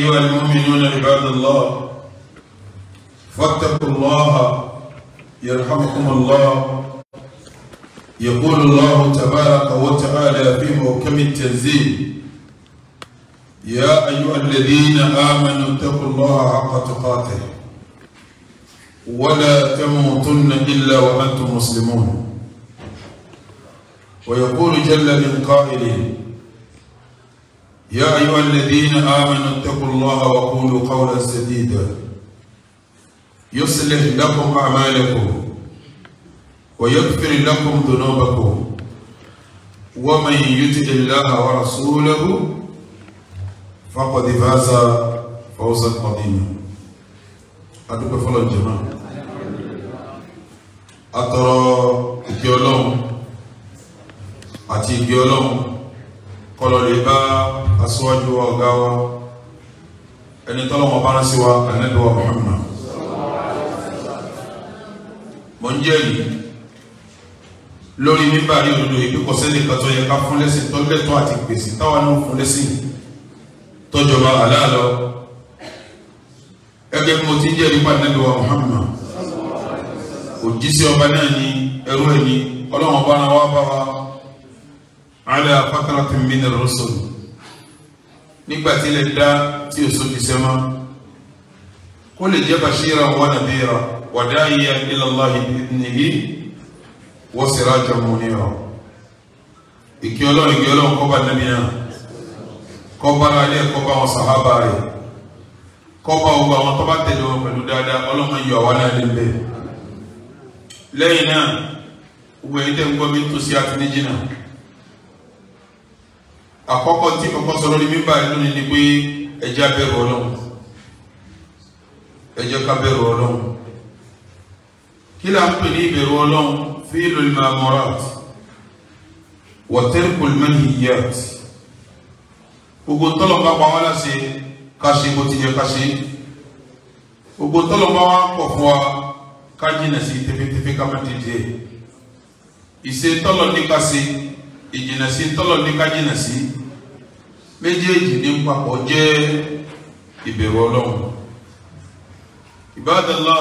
أيها المؤمنون عباد الله فاتقوا الله يرحمكم الله يقول الله تبارك وتعالى في محكم التنزيل يا أيها الذين آمنوا اتقوا الله حق تقاته ولا تموتن إلا وأنتم مسلمون ويقول جل من قائله يا أيها الذين آمنوا اتقوا الله وقولوا قولا سديدا يصلح لكم أعمالكم ويغفر لكم ذنوبكم ومن يطع الله ورسوله فقد فاز فوزا عظيما adúpẹ́ fọ́lọ́run jàmá atọrọ ìkẹ́ Ọlọ́run àti kọlọ̀ lè bá aṣíwájú wa ọ̀gá wa ẹni tọ́lọ́wọ́ bá rán sí wa ànábì wa Muhammad mọ̀ ń jẹ́rìí lórí mímbà rí òdodo ìdúkọ̀ sẹ́ni kan tó yẹ ká fún lẹ́sìn tó lẹ́tọ́ àti gbèsè táwa náà fún lẹ́sìn tọ́jọba aláàlọ́ ẹgbẹ́ bí mo ti ń jẹ́rìí pa ànábì wa Muhammad òjíṣẹ́ ọba náà ni ẹrú ẹ̀ ni ọlọ́wọ́n bá rán wá bá wa ala fatratin min ar-rusul nígbà tí lè dá tí o sóbi sẹ́mọ́ kó lè jẹ́ bashiran wa nadhira wa da'iyan ila Allahi bi'idhnihi wa sirajan munira ìkí ọlọ́run ìkí ọlọ́run kọ́ bá nàbí náà kọ́ bá ara rẹ̀ kọ́ bá wọn sàhábà rẹ̀ kọ́ bá gbogbo àwọn tó bá tẹ̀lé wọn pẹ̀lú dáadáa ọlọ́run yọ àwa náà lébẹ̀ lẹ́yìn náà gbogbo ẹ̀yìn tẹ̀ ń gbọ́ mi tó sí àtúndíjì náà àkọ́kọ́ tí kọ́kọ́ sọ lórí mímbà lónìí ni pé ẹjẹ́ abẹ́rù ọlọ́run ẹjẹ́ ká bẹ̀rù ọlọ́run kí là ń pè ní ìbẹ̀rù ọlọ́run fi lórí mamorat wọ́tẹ́rìkùl manhiyat gbogbo tọ́lọ̀ bá pa wá láṣẹ ká ṣe bó ti yẹ ká ṣe gbogbo tọ́lọ̀ bá wá pọ̀ fún wa ká jìnà sí tẹ́fẹ́tẹ́fẹ́ ká má ti díẹ̀ ìṣe tọ́lọ̀ ní ká ìjìnà sí tọ́lọ̀ ní ká sí méjèèjì ní papọ̀ jẹ́ ìbẹ̀rù ọlọ́run Ibadallah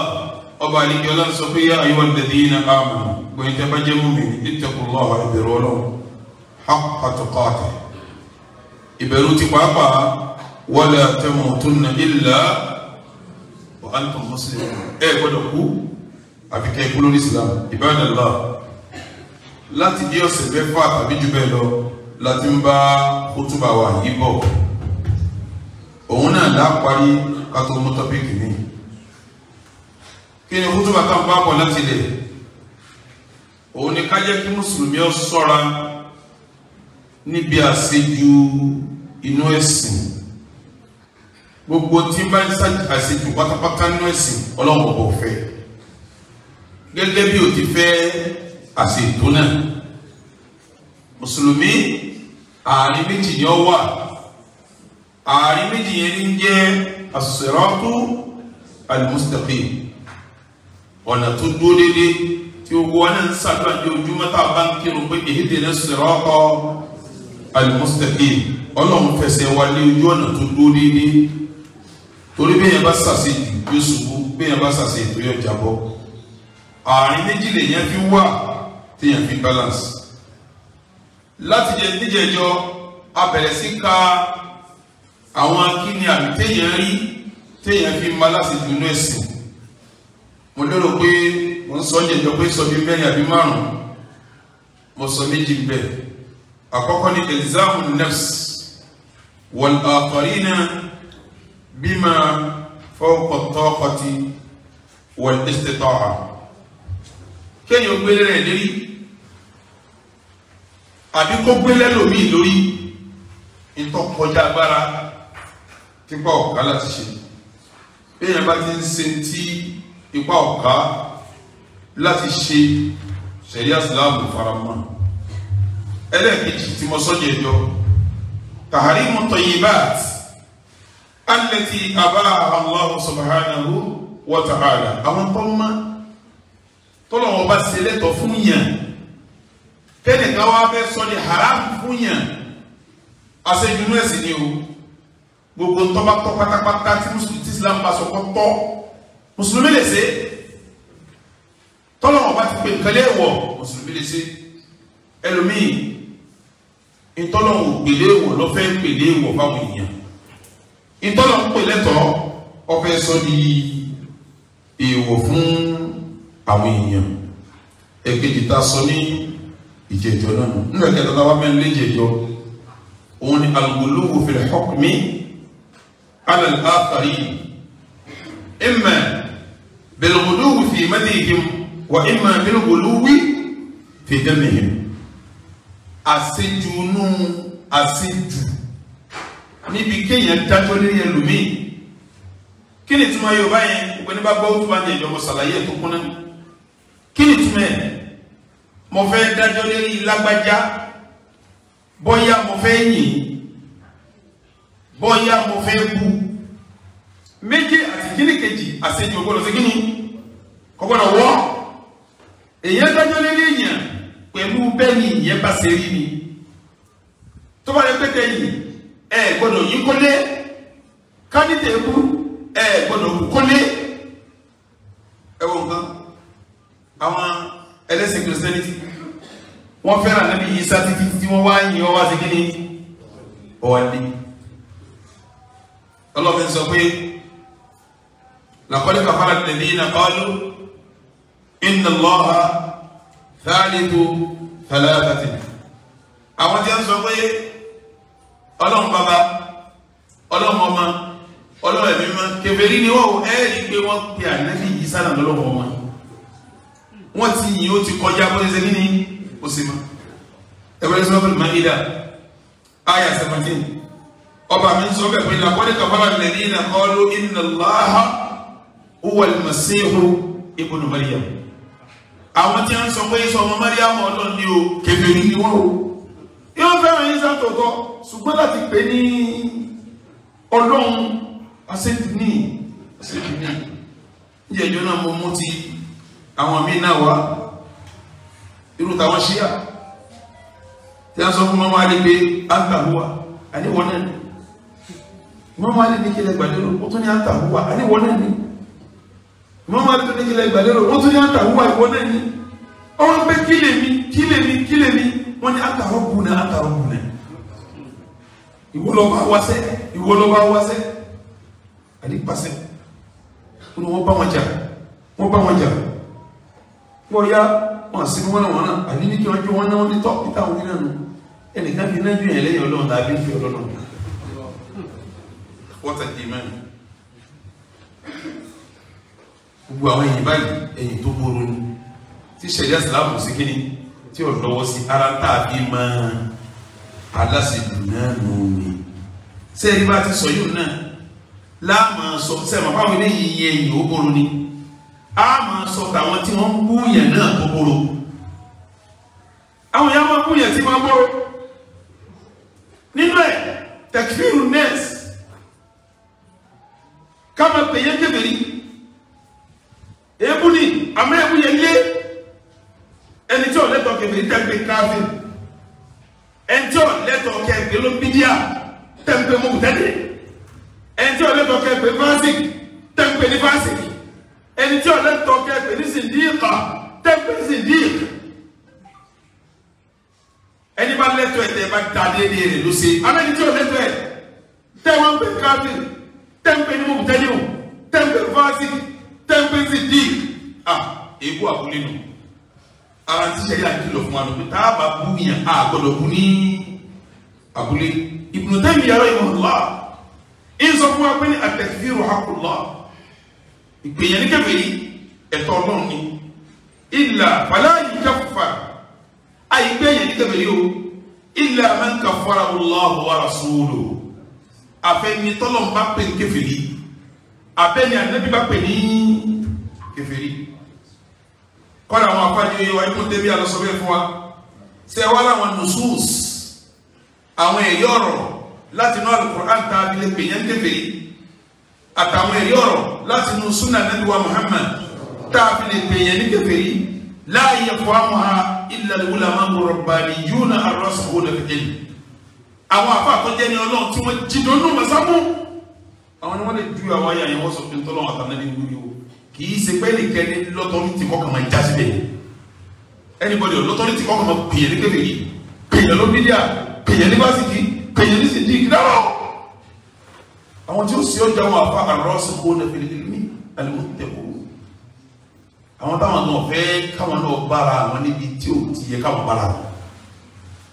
ọba àlejò ọlọ́run sọ pé yá ayyuhal ladhina amanu gbọ́n ìjẹ́ bá jẹ́ múmi ittaqullaha ìbẹ̀rù ọlọ́run haqqa tuqatih ìbẹ̀rù ti pàápàá wala tamutunna illa wa antum muslimun ẹ̀ gbọ́dọ̀ kú àfi kẹ́ ikú lórí Islam Ibadallah láti bí ọ̀sẹ̀ mẹ́fà tàbí jù bẹ́ẹ̀ lọ láti ń bá kútùbà wa yìí bọ̀ òun náà dá parí kátó mú tọ́pìkì ní kí ni kútùbà tá ń bá bọ̀ láti lè òun ni ká jẹ́ kí mùsùlùmí ó ṣọ́ra níbi àṣejù inú ẹ̀sìn gbogbo tí bá ń ṣàṣejù pátápátá nínú ẹ̀sìn ọlọ́run ọ̀bọ̀ fẹ́ gẹ́gẹ́ bí o ti fẹ́ àṣetò náà mùsùlùmí ààrin méjì ni ó wà ààrin méjì yẹn ní jẹ́ as-siratu al-mustaqim ọ̀nà tó dúró déédéé tí o wọ́n náà ń sábà ní ojúmọ́ tá a bá ń kírun pé ihdina as-sirata al-mustaqim ọlọ́run fẹsẹ̀ wa lé ojú ọ̀nà tó dúró déédéé torí bí yẹn bá sàṣe jù yóò ṣubú bí yẹn bá sàṣe ètò yóò jábọ́ ààrin méjì lèyẹn fi wà téèyàn fi balance láti jẹ níjẹjọ a bẹ̀rẹ̀ sí ka àwọn kíni àmì téèyàn rí téèyàn fi máa láti dùnú ẹ̀sìn mo lérò pé mo ń sọ jẹjọ pé sọ bí mẹ́rin àbí márùn-ún mo sọ méjì bẹ́ẹ̀ àkọ́kọ́ ni examu nefs wal akharina bima fawqa taqati wal istita'a kéèyàn gbélé rẹ̀ lérí àbí kó gbélé lòmíì lórí ìtọ́ kọjá agbára tipa ọ̀ká láti ṣe èèyàn bá ti ń ṣe ti ipa ọ̀ká láti ṣe sẹ̀ríà síláàmù faramọ́ ẹlẹ́ẹ̀kejì tí mo sọ́jà ẹ̀jọ́ tàhárí mọ́tò yìí báàtì alẹ́tì àbá Allahu subhanahu wa ta'ala àwọn tó ń mọ́ tọ́lọ́wọ́ bá ṣe lẹ́tọ̀ fún yàn tẹ́nìkan wá fẹ́ sọ di haram fún yàn àṣejùnú ẹ̀sìn ni o gbogbo tọ́pátọ́ pátápátá tí mùsùlùmí tí islam bá sọ kọ́ tọ́ mùsùlùmí lè ṣe tọ́lọ́wọ́n bá ti pè nkálẹ̀ wọ̀ mùsùlùmí lè ṣe ẹlòmíì ìtọ́lọ́wọ́n gbèlè wọ̀ lọ́fẹ́ gbèlè wọ̀ báwọn èèyàn ìtọ́lọ́wọ́n pè lẹ́tọ̀ọ́ ọfẹ́ sọ di èèwọ̀ fún àwọn èèyàn ẹ̀kejì ta sọ ní ìjẹjọ náà nù nígbà kẹta tá a wá mẹ́rin lé ìjẹjọ òun ni al-ghuluw fil hukmi ala al-akharin imma bil-ghuluw fi madhihim wa imma bil-ghuluw fi damihim àṣejù nù àṣejù níbi kéèyàn dájọ́ lórí ẹlòmíì kí ni túmọ̀ Yorùbá yẹn òpin ní bá gbọ́ tó bá ní ẹ̀jọ̀ mọ̀ sàlàyé ẹ̀ tó kún náà kí ni túmọ̀ ẹ̀ mo fẹ́ dájọ́ lérí lágbájá bóyá mo fẹ́ yìn bóyá mo fẹ́ bu méjì àti kíní kejì àṣejù gbọ́dọ̀ sí kíní kò gbọ́dọ̀ wọ́ èyàn dájọ́ lérí èyàn pẹ̀lú bẹ́ẹ̀ni ìyẹn bá ṣe rí ni tó bá rẹ pété yìí ẹ gbọ́dọ̀ yín kó lé kádìtẹ̀ kú wọ́n fẹ́ràn níbi Ìsá títí tí wọ́n wá yìn ọ́ wá sí kí ni ọ̀ọ́dẹ ọlọ́run sọ pé làkọ́lé kàfàrà alladhina qalu inna Allaha thalithu thalathatin àwọn tí wọ́n sọ pé ọlọ́run bàbá ọlọ́run ọmọ ọlọ́run ẹ̀mí mọ́ kèfèrí ni wọ́n ẹ̀ẹ́dì pé wọ́n pe ànábì Ìsá náà lọ́wọ́ wọn wọ́n ti yìn ó ti kọjá bó ṣe kí ni ó sì mọ́ ẹ̀wọ́n ẹ̀sìn ọ̀fẹ́ lùmọ́ ìdá ayà seventeen ọba mi sọ bẹ́ẹ̀ pé lakọ́lé kàfàrà lẹ́ni iná kọ́ló iná láha huwa almasihu ibnu mariam àwọn tí a ń sọ pé sọ ọmọ mariam ọlọ́ni o kèfèrí ni wọ́n o yóò fẹ́ràn yín sátọ̀tọ̀ ṣùgbọ́n láti pè ní ọlọ́run asẹ́dìní asẹ́dìní ìyẹ̀jọ́ náà mo mú ti àwọn míì náà wá irú táwọn ṣíà tí a sọ fún mọ́mọ́ alẹ́ pé àtàhùwà àníwọ̀n náà ni mọ́mọ́ alẹ́ ní kílẹ̀ gbàlérò ó tún ní àtàhùwà àníwọ̀n náà ni mọ́mọ́ alẹ́ tó ní kílẹ̀ gbàlérò ó tún ní àtàhùwà ìwọ̀n náà ni ọ̀rọ̀ pé kílè mi kílè mi kílè mi wọ́n ní àtàhùwà kùnà àtàhùwà kùnà ìwọ lọ bá wá sẹ ìwọ lọ bá wá sẹ wọn sì ní wọnà wọnà àbí ní kí wọn jó wọn náà wọn ní tọ níta òní náà nù ẹnìkan fi iná jó yẹn lẹ́yìn Ọlọ́run tàbí fi Ọlọ́run nù wọ́tà di mẹ́rin gbogbo àwọn ẹ̀yìn báyìí ẹ̀yìn tó gbòòrò ni tí sẹ̀ríà sàlámù sí kíni tí ò lọ́wọ́ sí ara tàbí máa aláṣẹ̀dùn náà nù mí sẹ́yìn bá ti sọ yóò náà láàmú sọ sẹ́yìn bá wọlé yìí yẹ ẹ̀yìn ó gbòòrò ni a máa sọ tàwọn tí wọ́n ń bú yẹn náà gbogbo àwọn yẹn máa bú yẹn tí wọ́n gbòòrò nínú ẹ̀ tẹ̀kífìrù nẹ́ẹ̀sì ká máa pè yẹn kébèrè èébú ni àmọ́ èébú yẹn lé ẹni tí ò lẹ́tọ̀ọ́ kébèrè tẹ́gbẹ́ káfíìn ẹni tí ò lẹ́tọ̀ọ́ kẹ́gbẹ́ ló bídíà tẹ́gbẹ́ mọ́kùtẹ́dẹ́ ẹni tí ò lẹ́tọ̀ọ́ kẹ́gbẹ́ fásitì tẹ́gbẹ́ ní fásitì ẹni tí ọ̀lẹ́ tọ́ kẹ́ pè ní sìndíìkà tẹ́pẹ́ sìndíìkà ẹni bá lẹ́tọ̀ ẹ̀ tẹ́ bá da déédéé rẹ̀ ló ṣe àmọ́ ẹni tí ọ̀lẹ́ tọ́ ẹ̀ tẹ́wọ́n pè káàdì tẹ́ǹpé ní mọ̀tẹ́lì o tẹ́ǹpé fásitì tẹ́ǹpé sìndíìkà ah èébú àkúlé nù ara ti ṣe yà kìlọ̀ fún wa nù pé tá a bá bú yàn á gbọ́dọ̀ bú ní àkúlé Ibn Taymiyyah rahimahullah ń sọ fún wa pé ní àtẹ̀kífì rọ̀ àkùlọ́ ìpènyàn ní kẹfìrí ẹ̀tọ́ ọlọ́run ni ìlà fàlàyé kẹfà àyípènyàn ní kẹfìrí o ìlà mẹ́ǹkà fọ́ra Allahu wa rasuluhu àfẹ́ni tọ́lọ́n bá pè ní kẹfìrí àbẹ́ni ànábì bá pè ní kẹfìrí kọ́ni àwọn afáàjì wa ikú débi àlọ́sọ̀rọ̀ fún wa ṣé wàá làwọn nusus àwọn ẹ̀yọ́ ọ̀rọ̀ láti inú Al-Qur'an tá a lè pènyàn kẹfìrí àtàwọn èyí ọ̀rọ̀ láti nu sunna nàbíwá muhammad tá a fi lè pèèyàn ní kèfèrí láàyè fọ́ọ̀mùhà illal ulama rabbaniyuna arraskhuna fil ilm àwọn àfa àtọ́jẹ́ ni ọlọ́run tí wọ́n jí dọ́nù mọ̀sámú àwọn ni wọ́n lè ju àwọn ayé àyẹ̀wò sọ pé tọ́lọ́wọ́n àtàlẹ́ ní wúlò kì í ṣe pé nìkẹ́ni lọ́tọ́rìtì kọ́kàn máa já síbẹ̀ anybody lọ́tọ́rìtì kọ́kàn máa pèèyàn ní kèfèrí pèèyàn lóbídíà àwọn tí ó sì ọjà wọn afa àrọ́sì kó lè fi lèmi alimọ̀tẹ́kù àwọn táwọn náà fẹ́ káwọn náà bára àwọn níbi tí ò ti yẹ káwọn bára wọn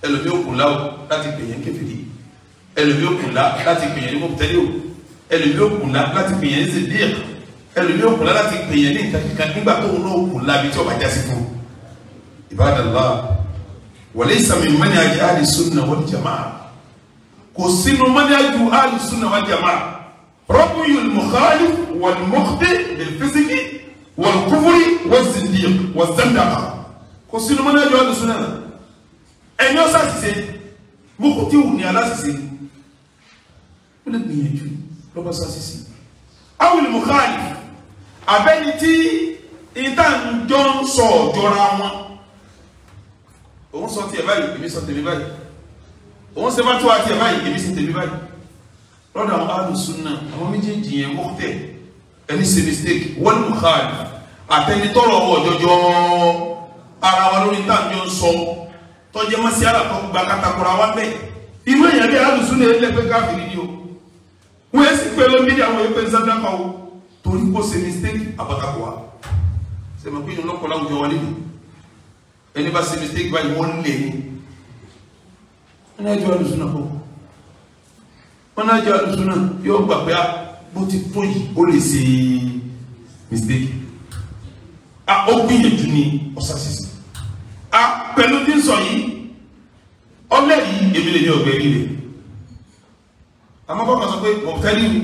ẹlòmí òkun láwù láti pèyàn kẹfìrí ẹlòmí òkun lá láti pèyàn ní mọ̀tẹ́lẹ́ o ẹlòmí òkun lá láti pèyàn ní zèdíẹ̀ ẹlòmí òkun lá láti pèyàn ní ìtàkìkan nígbà tóun náà òkun lábi tí ọba jásí fún Ibadallah wa laysa min manhaj ahli sunnah wal kò sínú mọ́níyàjú alùsùnà wal jamaa rọ́bù yìí mùkálí wal mọ́kúté lè fisiki wal kúfúrí wal zindiq wal zandaka kò sínú mọ́níyàjú alùsùnà náà ẹ̀yin ọ̀sà ṣiṣẹ́ mọ́kúté wù ní aláṣiṣẹ́ ó lè gbìyànjú lọ́ba sá ṣiṣẹ́ awùlì mùkálí abẹ́ni tí ìtàǹjọ́ ń sọ ọ̀jọ́ra wọn òun sọ tiẹ̀ báyìí èmi sọ tèmi báyìí òun ṣe bá tó àti ẹ̀ báyìí èmi sì tèmi báyìí lọ́dọ̀ àwọn alùsùn náà àwọn méjèèjì yẹn wọ́n tẹ̀ ẹni ṣe mistake wọ́n mú káàdì àtẹnitọ́rọ̀ ọwọ́ jọjọ ara wa lórí táàjọ ń sọ tọ́jẹ́ mọ́ sí àràkọ́ gba katakura wa bẹ́ẹ̀ inú èèyàn bí alùsùn náà lẹ́gbẹ́ káfíìrì ni o wọ́n yẹn sì pé lóbi ní àwọn ẹgbẹ́ sádàkà o torí kó ṣe mistake àbàkàkọ́ wa sẹ̀mọ̀kú ìnú lọ́kọ̀ọ́ láwùjọ wa nínú ẹni bá ṣe mistake mọ́nájú alùsùnà kọ́ mọ́nájú alùsùnà yóò gbà pé bó ah, ti tó yìí ó lè ṣe mistake a ah, ó gbìyànjú ní ọ̀sà sísè a pẹ̀lú tí ń sọ yìí ọlẹ́ yìí èmi lè ní ọ̀gbẹ́ líle àmọ́ bọ́ọ̀mọ̀ sọ pé mọ̀tẹ́lì mi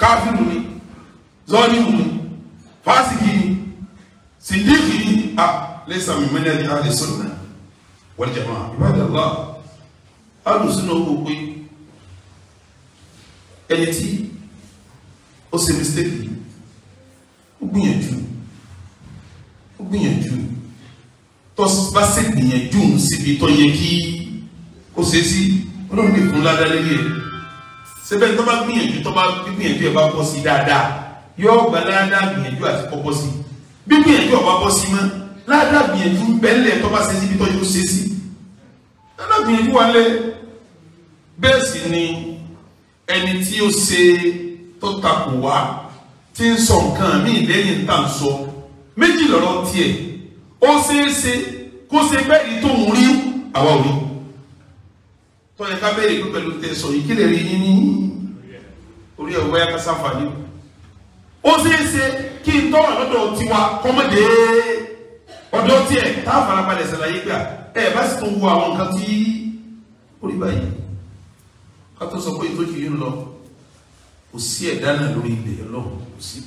káfíìmù ni zọ́ọ̀nìmù ni fásitì ni sìndíkì ni a ah, lè sàmì mẹ́lẹ́ni a lè sọ̀rọ̀ náà wal jamaa ibadallah ọdún sínú owó pé ẹni tí ó ṣe mistake yìí ó gbìyànjú ó gbìyànjú tó bá sì gbìyànjú síbi tó yẹ kí ó ṣe sí olóòrùn lè fún ládá lórí ẹ̀ síbẹ̀ tó bá gbìyànjú tó bá gbìyànjú ẹ̀ bá pọ̀ sí dáadáa yóò gba ládá gbìyànjú àti kọ́kọ́ sí bí gbìyànjú ọ̀bá bọ́ sí mọ́ ládá gbìyànjú bẹ́ẹ̀lẹ̀ tó bá ṣe síbi tó yẹ ó ṣe sí ládá gbìyànjú wà lẹ́ẹ̀ bẹ́ẹ̀ sì ni ẹni tí ó ṣe tó takò wá tí ń sọ nǹkan míì lẹ́yìn tá à ń sọ méjì lọ́rọ̀ tiẹ̀ ó ṣeé ṣe kó ṣe bẹ́ẹ̀ ni tó ń rí àwa ò rí tọ́yẹ ká bẹ̀rẹ̀ pé pẹ̀lú tẹ sọ yìí kí lè rí yín ní orí ẹ̀ wáyà kásá fàdí ó ṣeé kí n tọ́wà lọ́dọ̀ tiwa kọ́mọdé ọ̀dọ̀ tiẹ̀ tá a farabalẹ̀ ṣàlàyé gbà ẹ̀ bá sì tún wo àwọn nǹkan tí ó rí báyìí ká tó sọ pé ètò yìí ń lọ kò sí ẹ̀dá náà lórí ilẹ̀ ọlọ́run kò sí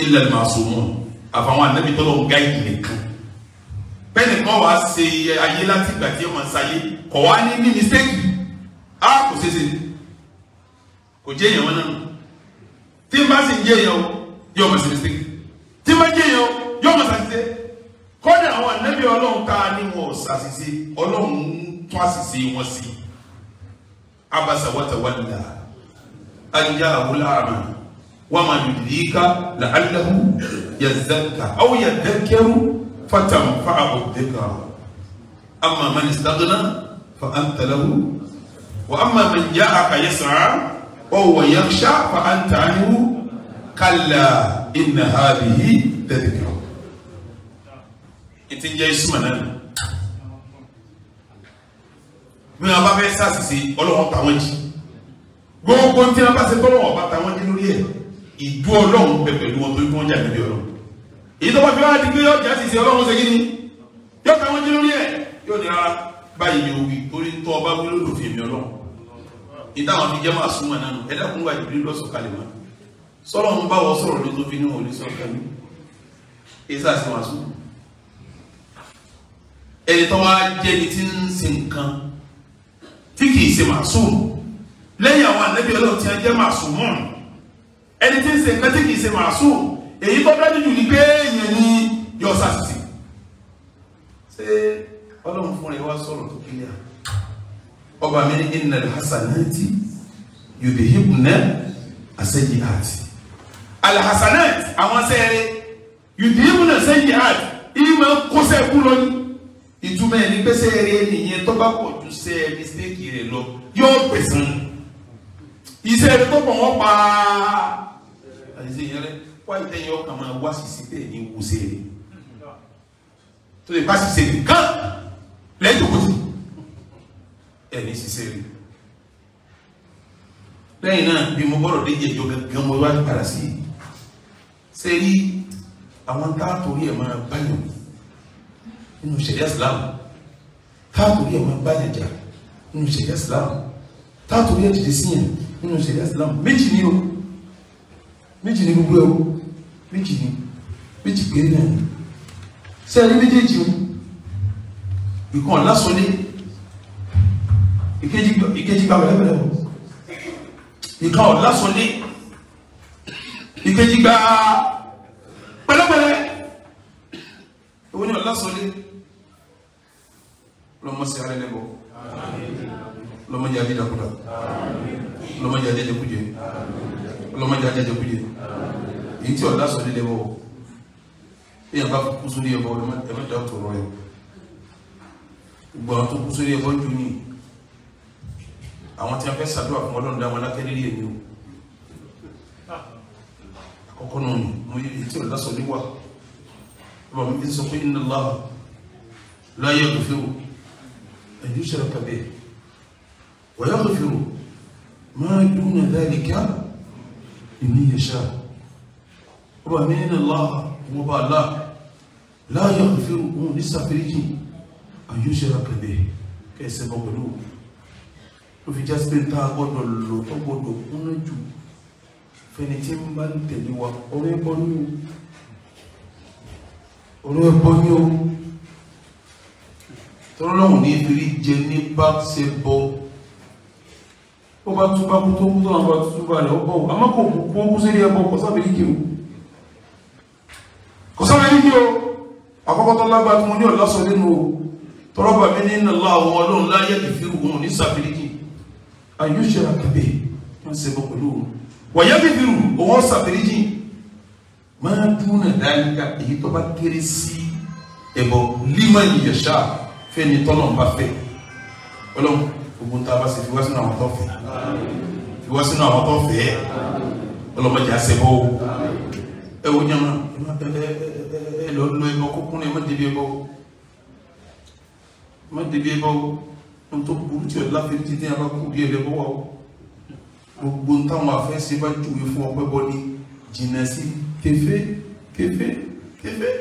illa al-ma'sumun àfàwọn ànábì tó lọ́wọ́ gáìdì nìkan bẹ́ẹ̀ni kan wàá ṣe ayé láti ìgbà tí ọmọ ṣayé kọ̀ wá ní ní mistake á kò ṣe ṣe kò jẹ́ èèyàn náà tí n bá sì jẹ́ èèyàn yóò mọ̀ sí mistake tí n bá jẹ́ èèyàn yóò mọ̀ ṣàṣìṣe kọ́ni àwọn ànábì ọlọ́run ká ní wọn ṣàṣìṣe ọlọ́run tún àṣìṣe wọn sí i. عبس وتولى أن جاءه الأعمى وما يدريك لعله يزكى أو يذكر فتنفعه الذكرى أما من استغنى فأنت له وأما من جاءك يسعى وهو يخشى فأنت عنه كلا إن هذه تذكرة إتنجي اسمنا bí wọn bá fẹ́ sàṣìṣe ọlọ́run tàwọn jì gbogbo tí wọn bá ṣe tọ́lọ́wọ́ bá tàwọn jì lórí ẹ̀ ìdú ọlọ́run pẹ̀ pẹ̀lú wọn torí wọn jà níbi ọlọ́run èyí tó bá fi wá di pé yọjà ṣìṣe ọlọ́run ṣe kí ni yóò tàwọn jì lórí ẹ̀ yóò ní rárá ah, báyìí ni òwì orí tó ọba wí lódò fi èmi ọlọ́run ìdáhùn fi jẹ́ máa súnmọ́ náà ẹ dákun wá ìbílẹ̀ lọ́sọ̀kalẹ̀ mọ́ sọ́lọ́ ń bá wọ sọ̀rọ̀ ní tó fi ní òní sọ̀rọ̀ wọn sùn ẹni tó wá jẹ́ni tí ń sin nǹkan tí kì í ṣe màsúù lẹ́yìn àwọn ànábì Ọlọ́run tí wọ́n jẹ́ màsúù mọ́ ẹni tí ń ṣe nǹkan tí kì í ṣe màsúù èyí tó dájú jù ní pé èèyàn ni yọ sàṣìṣe ṣé Ọlọ́run fún rẹ̀ wá sọ̀rọ̀ tó kílíà ọba mi ní innal hasanati yudhibna as-sayyi'ati alhasanati àwọn sẹ́yẹrẹ yudhibna as-sayyi'ati ìmọ̀ kọ́sẹ̀ kú lọ́yìn ìtumọ̀ ẹni pẹ́sẹ́ eré nìyẹn tó bá pọ̀ ju ṣe mistake rẹ̀ lọ yóò pèsè iṣẹ́ tó pọ̀ wọ́n pa àìsè yẹn rẹ̀ wá ìtẹ̀yìn ọkàn máa wá sísè bẹ́ẹ̀ ní wùsẹ̀ rẹ̀ tó lè bá sísè nìkan lẹ́yìn òkúti ẹni sísè rẹ̀ lẹ́yìn náà bí mo bọ́rọ̀ dé jẹjọ gangan mo wá padà sí ṣe rí àwọn táàtò rí ẹ̀ máa báyọ̀ nínú ṣẹ̀ríà Islam káàkiri ẹ̀ máa báyà jà nínú ṣẹ̀ríà Islam káàkiri ẹ̀ dìde síyàn nínú ṣẹ̀ríà Islam méjì ni o méjì ni gbogbo ẹ̀ o méjì ni méjì péré náà ni ṣé ẹni méjèèjì o ìkan lásán ní ìkejì gbà wẹ́lẹ́wẹ́lẹ́ o ìkan lásán ní ìkejì gbà pẹ̀lẹ́pẹ̀lẹ́ owó ni ọ̀lásán ní se lọ́mọ sí alẹ́ lẹ́bọ̀ lọ́mọ jẹ́ adéjàkúta lọ́mọ jẹ́ adéjàkújẹ lọ́mọ jẹ́ adéjàkújẹ èyí tí ọ̀dá sọ lílẹ̀ bọ̀ bí yàrá kú sórí ẹ̀bọ̀ ẹ̀mẹ́ dá tòrọ ẹ̀ gbọ́n tó kú sórí ẹ̀bọ̀ jù ní àwọn tí a fẹ́ sàdúrà fún ọlọ́run dá wọn lákẹ́lẹ́rí èmi o àkọ́kọ́ náà nù mo yẹ èyí tí ọ̀dá sọ níwà ọlọ́run mi sọ pé inna Allah la yaghfiru أن يشرك به ويغفر ما دون ذلك لمن يشاء ومن الله وبا لا يغفر لسافريكي أن يشرك به كيسب ولو وفي جسد jásí pé tá a gbọ́dọ̀ lò tó gbọ́dọ̀ ń tẹ̀lé wa ọ̀rẹ́ ẹ̀bọ ní o ọ̀rẹ́ ẹ̀bọ ní o tọ́lọ́hùn ní ìfìrí jẹ ní bá ṣe bọ́ ó bá túbá kú tó kú tó àwọn túbá rẹ̀ ó bọ̀ àmọ́ kò kú kú kú sílé ẹbọ kò sábẹ̀ líkì o kò sábẹ̀ líkì o àkọ́kọ́ tó lágbà tó ní ọ̀lásọ nínú o tọ́rọ́bà mi nínú lọ àwọn ọlọ́run láyé kìfì òun ní sábẹ̀ líkì àyúṣe àkàbẹ̀ tó ń ṣe bọ́ pẹ̀lú o wọ̀yá kìfì òun sábẹ̀ líkì máa dúnà dáríkà èyí tó bá kéré sí ẹbọ límọ̀ ìyẹ̀ṣáà fẹ́ni tọ́nà bá fẹ́ ọlọ́run gbogbo tá a bá ṣe fi wá sínú àwọn tó fẹ́ fi wá sínú àwọn tó fẹ́ ọlọ́mọdé àṣẹbọ́ o ẹ wo jẹ́ ẹ lọ lọ ẹbọ kúkún ẹ má débi ẹbọ ẹ má débi ẹbọ ohun tó burú tí ọ̀dọ́ láfi ti dín abá kú bí ẹlẹ́bọ wà o gbogbo táwọn afẹ́sí bá jùwé fún ọpẹ́ bọ́ ni jìnnà sí kẹfẹ́ kẹfẹ́ kẹfẹ́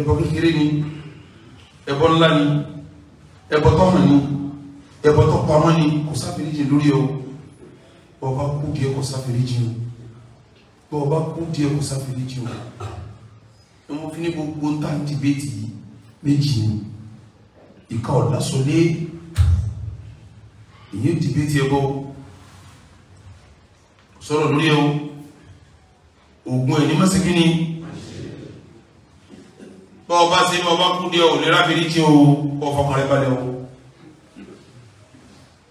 ẹbọ kékeré ni ẹbọ ńlá ni ẹbọ tọ́mọ̀ ni ẹbọ tó pamọ́ ni kò sáfìríjì lórí o bọ́ọ̀bá kú díẹ̀ kò sáfìríjì o bọ́ọ̀bá kú díẹ̀ kò sáfìríjì o ni mo fi ní gbogbo ń tà dìbẹ́tì yìí méjì ni ìka ọ̀dà sọlé èyí dìbẹ́tì ẹbọ sọ̀rọ̀ lórí o ògùn ẹ̀ ní mọ́sẹ̀kí bọ́ ọba sí ní ọba kú díẹ̀ ò lè ráfìrí tí o kọ́ fọkànlẹ̀ balẹ̀ o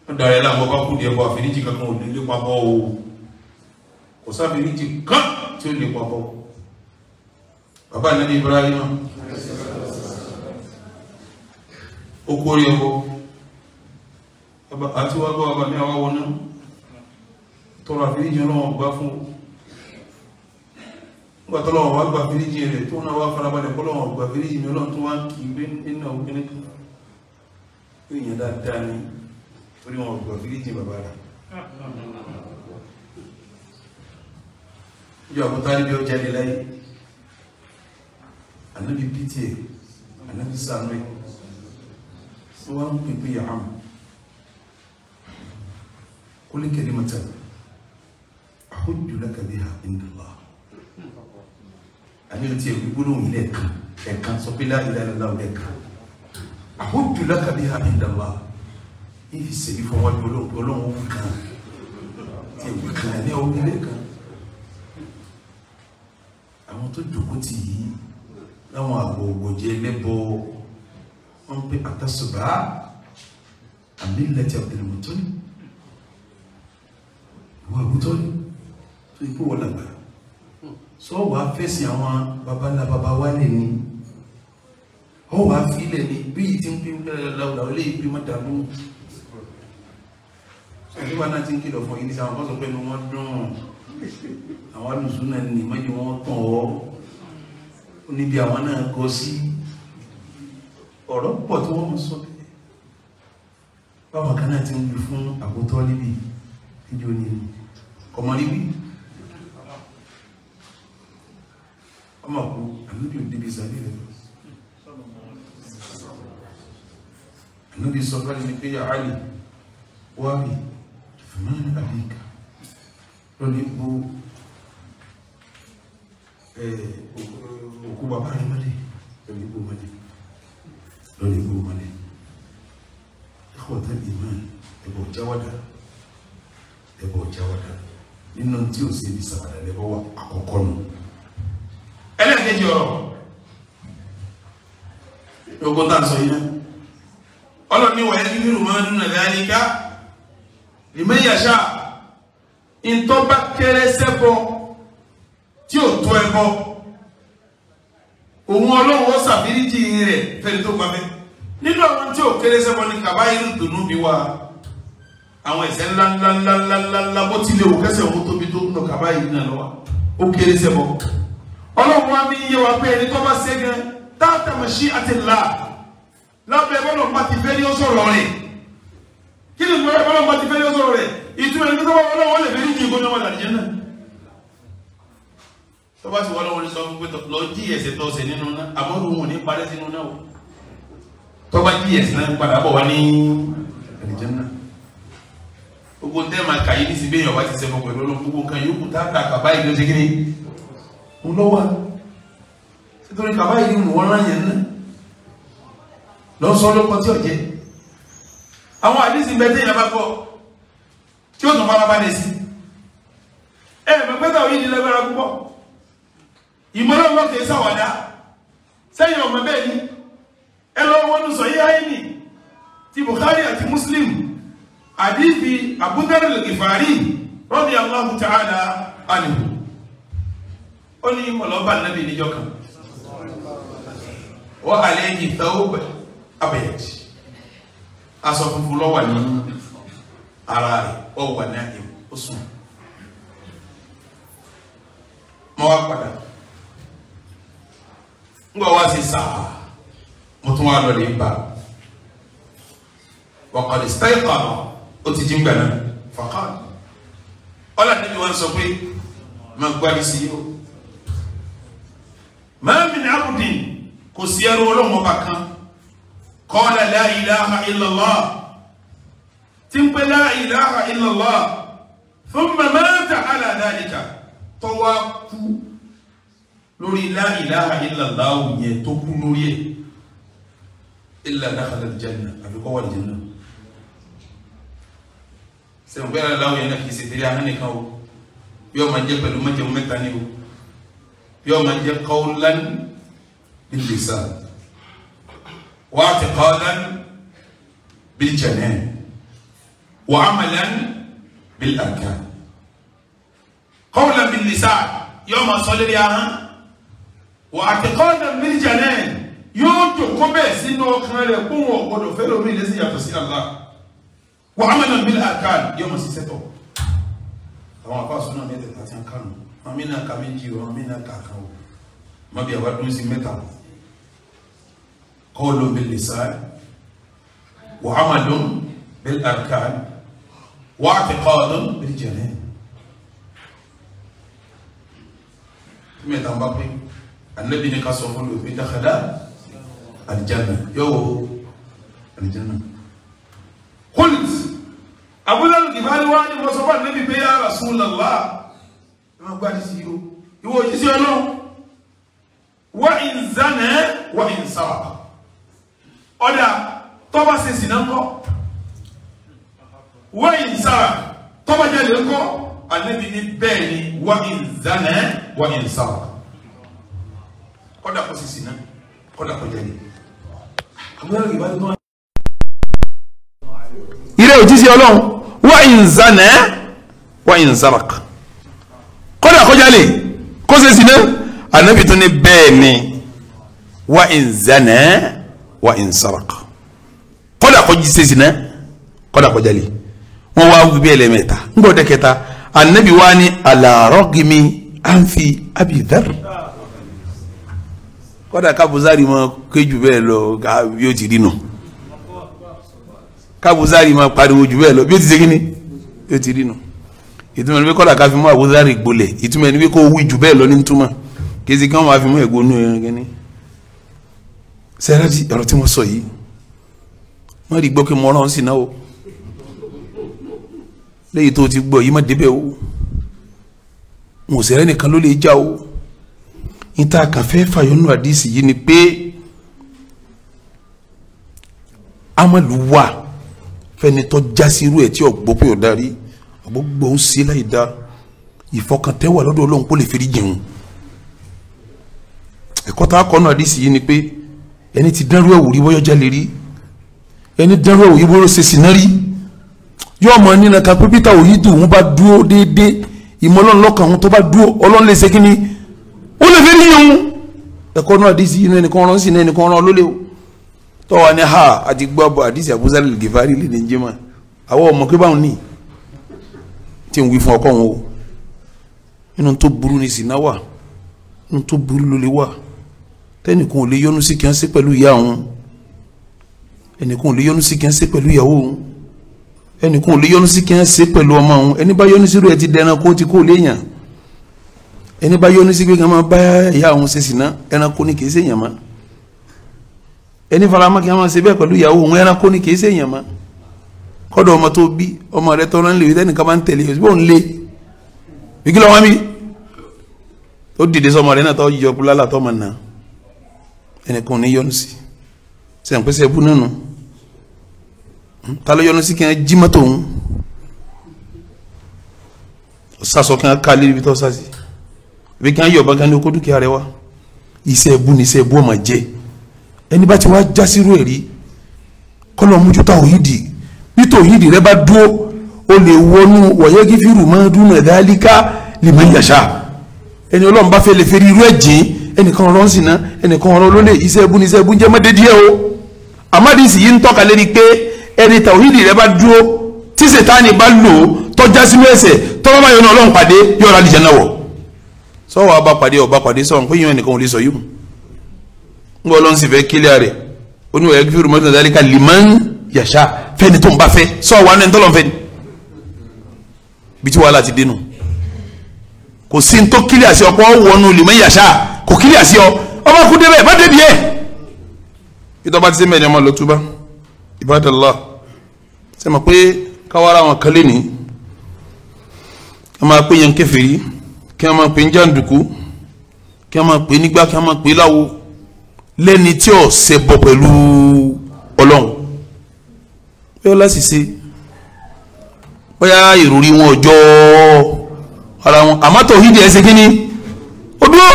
ó dàrẹ́ láàmú ọba kú díẹ̀ bọ́ àfìrí tí kankan ò lè lé papọ̀ o kò sáfìrí tí kán tí ó lè papọ̀ bàbá nàbí Ibrahim ó kórè ọkọ àti wàá gbọ́ bàbá mi àwọn wọnú tọrọ àfìrí náà gbá fún o nígbà tó lọ́wọ́ wá gba fíríjì rẹ̀ tó náà wá farabalẹ̀ kọ́ lọ́wọ́ gba fíríjì mi ọlọ́run tó wá ń kì í gbé nínú àwọn kíní yóò yẹn dáadáa ni orí wọn gba fíríjì bàbá rẹ̀ yọ àkútá níbi ọjà lè láyé ànábi pta ànábi samuel tó wá ń pèpè yàhámù kólé kẹlẹ́mọ̀tà àhójú lákàbí ha àní o ti ẹ̀ gbígbóná òun lẹ́ẹ̀kan ẹ̀kan sọ pé láyé lálẹ́lá òun lẹ́ẹ̀kan àkójù lákàbí àbíndàlá ibi sèbi fọwọ́dù ọlọ́run òun kan ti ẹ̀wù kan ní ọ̀hún lẹ́ẹ̀kan àwọn tó jókòó tì yí láwọn àgbọ̀gbọ̀jẹ lẹ́bọ wọn pe àtàsùbà àmì lẹ́tì àbẹ̀lẹ̀mọ̀tọ́ni ìwọ àbútọ́ni tó ikú wọ́n làgbà sọ wà fèsì àwọn babalá baba wa lè ní ọ wà fílẹ̀ ní bí i ti ń pín lọ́wọ́lá olè ìpín mọ́ dàbú ṣàdíwá náà ti ń kìlọ̀ fún ìdíṣà àwọn kọ́sọ̀ pẹ̀lú wọn dùn àwọn alùsùn náà ní mọ́jú wọn tàn ọ́ níbi àwọn náà kọ sí ọ̀rọ̀ pọ̀ tí wọ́n mọ̀ sọ bẹ́ẹ̀ báwọn kan náà ti ń wí fún àbótọ́ níbi ìjọ ní ọmọ níbi ọmọ kú ànábì ò débi sáré rẹ̀ ànábì sọ fẹ́ ni pé àlè wáàbì fìmọ́nà àbíkà lórí ipò òkú bàbá rẹ̀ mọ́lẹ̀ lórí ipò mọ́lẹ̀ lórí ipò mọ́lẹ̀ ẹ̀kọ́ tẹ́lẹ̀ ìmọ̀ ẹ̀bọ̀ jáwádà ẹ̀bọ̀ jáwádà nínú tí ò sí ibi sàwádà lẹ́bọ̀ wà àkọ́kọ́ nù ìdajì ọ̀rọ̀ ogun tá a sọ yìí ọlọ́ni wọ̀ ẹ́ nínú mọ́ nínú ẹ̀dá ní ká ìmẹ́yàṣá ìtọ́ba kéré sẹ́bọ tí ò tó ẹbọ òun ọlọ́run ó sàbíríjì rẹ̀ fẹ́ni tó pamẹ́ nínú àwọn tí ò kéré sẹ́bọ ní kàbá irú dùnú bí wà àwọn ẹ̀ṣẹ̀ ńláńláńláńláńlá bó tilẹ̀ òkẹ́sẹ̀ òun tóbi tó nù kàbá nà lọ́wọ́ ó kéré sẹ́bọ ọlọ́run wa mi yé wa pé ẹni tó bá ṣe gan táàtà mọ̀ṣí àti là lábẹ́ bọ́lọ̀ bá ti fẹ́ ní ó sọ̀rọ̀ rẹ̀ kí ni ìgbọ́lọ̀ bọ́lọ̀ bá ti fẹ́ ní ó sọ̀rọ̀ rẹ̀ ìtumọ̀ ẹni tó bá wọlé wọn lè fẹ́ ní ju ìgbóni ọmọ àdìjẹ́ náà tó bá ti wọlé wọn sọ fún pé lọ jí ẹsẹ̀ tó ṣe nínú náà àmọ́ ló wọn ní parẹ́ sínú náà tó bá jí ẹsẹ̀ náà padà bọ̀ wá ní àdìjẹ́ náà gbogbo ntẹ́ ní síbẹ̀ yẹn wá ti sẹ́kọ̀ pẹ̀lú ọlọ́run òun lọ́wọ́ nítorí kàbá yìí ni wọ́n ráyẹ̀ náà lọ sọ lọ́pọ̀ tí ọ̀jẹ́ àwọn àdísì ń bẹ tí ìyàbá gbọ́ tí ó tún farabalẹ̀ sí ẹ mẹ́gbẹ́ta òyìn ní lágbára púpọ̀ ìmọ̀lá wọn kì í ṣàwàdà sẹ́yìn ọmọ bẹ́ẹ̀ ni ẹ lọ wọn ní sọ yíyá yìí ti Bukhari àti Muslim àdífi Abu Dharr al-Ghifari radiyallahu ta'ala anhu ó ní mọ̀lọ́bà nábì níjọ́ kan wọ́n àlẹ́ yìí tẹ́wọ́ abẹ́yẹ̀dì aṣọ funfun lọ́wọ́ ní ara rẹ̀ ó wà ní àyè ó sùn mọ́ wá padà ńgbà wá sí sáà mo tún wá lọ lè bá wàkàlẹ̀ sẹ́yìnkà ó ti jí ń gbà náà fàkà ọ̀là níbi wọn sọ pé máa gbá mi sí yìí o mẹ́mí ní àbùdí kò sí ẹrú ọlọ́run ọba kan qala la ilaha illallah tí ń pè la ilaha illallah thumma mata ala dhalika tọ́wọ́ kú lórí la ilaha illallah yẹn tó kú lórí ẹ̀ illa dakhala aljanna àbíkọ́ wà aljanna sẹ́wọ̀n pé aláwọ̀ yẹn náà kì í ṣe tẹ̀lé ahọ́n o yóò máa jẹ́ pẹ̀lú mọ́jẹ̀mú mẹ́ta ni o yóò máa jẹ́ qawlan bil lisan wa i'tiqadan bil janan wa 'amalan bil arkan qawlan bil lisan yóò máa sọ lórí ahọ́n wa i'tiqadan bil janan yóò jòkó bẹ́ẹ̀ sínú ọkàn rẹ̀ kó wọn gbọdọ̀ fẹ́ lómi lẹ́sìn yàtọ̀ sí Allah wa 'amalan bil arkan yóò máa ṣiṣẹ́ tọ̀ àwọn àpá sọ́nà mẹ́tẹ̀ẹ̀ta ti ń kánú wọn mi náà ka méjì wọn mi náà ka kan o má bí àwa dúró sí mẹ́ta kọ́ọ̀lù bil lisan wa amalun bil arkan wa i'tiqadun bil janan mẹ́ta ń bá pé anabi ni ka sọ fún mi pé dakhala aljanna yóò aljanna qult Abu Dharr al-Ghifari wá ní mọ́sọ́fà níbi pé ya Rasulullah wọn gbá àdìsí yìí o ìwọ òjíṣẹ́ Ọlọ́run wọ ìzánà wọ ìsáwà ọdà tọba ṣe sì náà kọ wọ ìsáwà tọba jẹ lè kọ alẹbi ni bẹ́ẹ̀ ni wọ ìzánà wọ ìsáwà kódà kó sì sì náà kódà kó jẹ lè. àwọn ẹ̀rọ ìbádọ́ náà. ìrẹ́ òjíṣẹ́ Ọlọ́run wọ́n ń zanẹ́ zarak kódà kó jalè kó ṣe sinna anabi tún ní bẹ́ẹ̀ ni wa in zana wa in saraka kódà kó ṣe sinna kódà kó jalè wọn wá wí bí ẹlẹ́mẹ̀ta ń gbọ́dọ̀ kẹta anabi wa ni alarọ́gìmí ànfi abidhar kódà kábùzárì mọ kéjù bẹ́ẹ̀ lọ yóò ti rí kábùzárì mọ pariwo jù bẹ́ẹ̀ lọ bí ó ti ṣe ni yóò ti rí ìtumọ̀ ni pé kọ́là ká fi mú àwòzárì gbolẹ̀ ìtumọ̀ ni pé kó wí jù bẹ́ẹ̀ lọ ní túmọ̀ kézi kí wọ́n máa fi mú ẹ̀gbọ́n nú ẹran gẹ́ni. sẹ́rẹ́dì ọ̀rọ̀ tí mo sọ yìí wọ́n rí gbọ́ pé mo rán sí náà o lẹ́yìn tó ti gbọ́ yìí má débẹ̀ o mo sẹ́rẹ́ nìkan ló lè já o níta kàn fàyọ́nù àdìsí yìí ni pé amalu wà fẹ́ni tó jásírú ẹ̀ tí ọ̀gbọ́pẹ̀ ọ̀darí gbogbo ń ṣe láì dá ìfọkàntẹ́wà lọ́dọ̀ ọlọ́run kó lè fèrè jẹun ẹ̀kọ́ tá a kọ́ náà dì sí yìí ni pé ẹni tí dánrú ẹ̀wò rí bọ́yọ́ jalè rí ẹni dánrú ẹ̀wò rí bọ́yọ́ ṣe sìnà rí yóò mọ̀ nínú ká pé peter òyìn dùn òun bá dúró déédéé ìmọ̀ ọlọ́run lọ́kàn òun tó bá dúró ọlọ́run lè ṣe kí ni ó lè fèrè jẹun ẹ̀kọ́ náà dì sí inú ẹnìkan rán sí inú ẹnìkan rán lólè o tọ́wọ́ tí ń wí fún ọkọ wọn o nínú tó burú ni zina wà nínú tó burú ló lè wà tẹnìkan ò lè yọnu sí kí wọn ṣe pẹ̀lú ìyá òun ẹnìkan ò lè yọnu sí kí wọn ṣe pẹ̀lú ìyàwó òun ẹnìkan ò lè yọnu sí kí wọn ṣe pẹ̀lú ọmọ òun ẹni bá yọnu sí rú ẹ ti dẹran kó ti kó léèyàn ẹni bá yọnu sí pé kí wọn máa bá ìyá òun ṣe sìná ẹranko ni kì í ṣèyàn mọ́ ẹni faramọ́ kí wọn máa ṣe bẹ́ẹ̀ pẹ̀lú ìyàwó òun ẹranko ni kì í ṣèyàn mọ́ kọ́dọ̀ ọmọ tó bí ọmọ rẹ tọ́lọ́ ń lè wí tẹ́nìkan máa ń tẹ̀lé òsì bóun lé ìkí lọ́wọ́ mi ó dìde sọmọ rẹ náà tó yọ búlálà tọmọ náà ẹnìkan ò ní yọnu sí sẹ̀ǹpẹ́sẹ̀ bú nánu hmm, ta ló yọnu sí kí wọ́n jí mọ́tò òun sasọ kí wọ́n kálí ibi tó sásì ibi kí wọ́n yọ̀ bọ́gán ní okó dúkìá rẹ wá iṣẹ́ ẹ̀bú ni iṣẹ́ ẹ̀bú ọmọ jẹ ẹni bá ti wá jásírò ẹ̀rí kọ́lọ̀ mójútó àwòyídìí nítorí ìdí rẹ bá dúró o lè wọnú wọ̀yẹ́gí fírù mọ́ dúnú ẹ̀dá líka lèmọ̀ yàṣà ẹni ọlọ́run bá fẹ́ lè fẹ́ rí irú ẹ̀ jìn ẹnìkan ọ̀rọ̀ ń sìn náà ẹnìkan ọ̀rọ̀ ló lè iṣẹ́ ẹbú ni iṣẹ́ ẹbú ń jẹ́ mọ́dé díẹ̀ o àmọ́dìsí yìí ń tọ́ka lérí pé ẹni tàwíìdì rẹ bá dúró tí sètáni bá lò tọ́já sínú ẹ̀ṣẹ̀ tọ́wọ́ bá náà wọ̀ fẹ́ni tó ń bá fẹ́ sọ wà ní ntọ́lọ́ fẹ́ni bí tí wàhálà ti dénú kò sí ntọ́ kílíà sí ọkọ̀ wọnú lèmọ́ yàtsá kò kílíà sí ọ ọba kú débẹ̀ bá débi yẹ. ìtọ́ba ti sẹ́mi ẹ̀ ní ọmọ lọ́túbá ìbádàlá sẹ́mi pé káwárà wọn kálé ni kí wọ́n máa pè yẹn kèfèrí kí wọ́n máa pè ń kí wọ́n máa pè nígbà kí wọ́n máa pè láwo lẹ́ni tí ò ṣẹbọ pẹ̀lú ọlọ́run yóò láṣìṣe bóyá ìròrí wọn ọjọ́ ara wọn àmọ́ tòhídì ẹ̀ ṣe kí ni ó dúró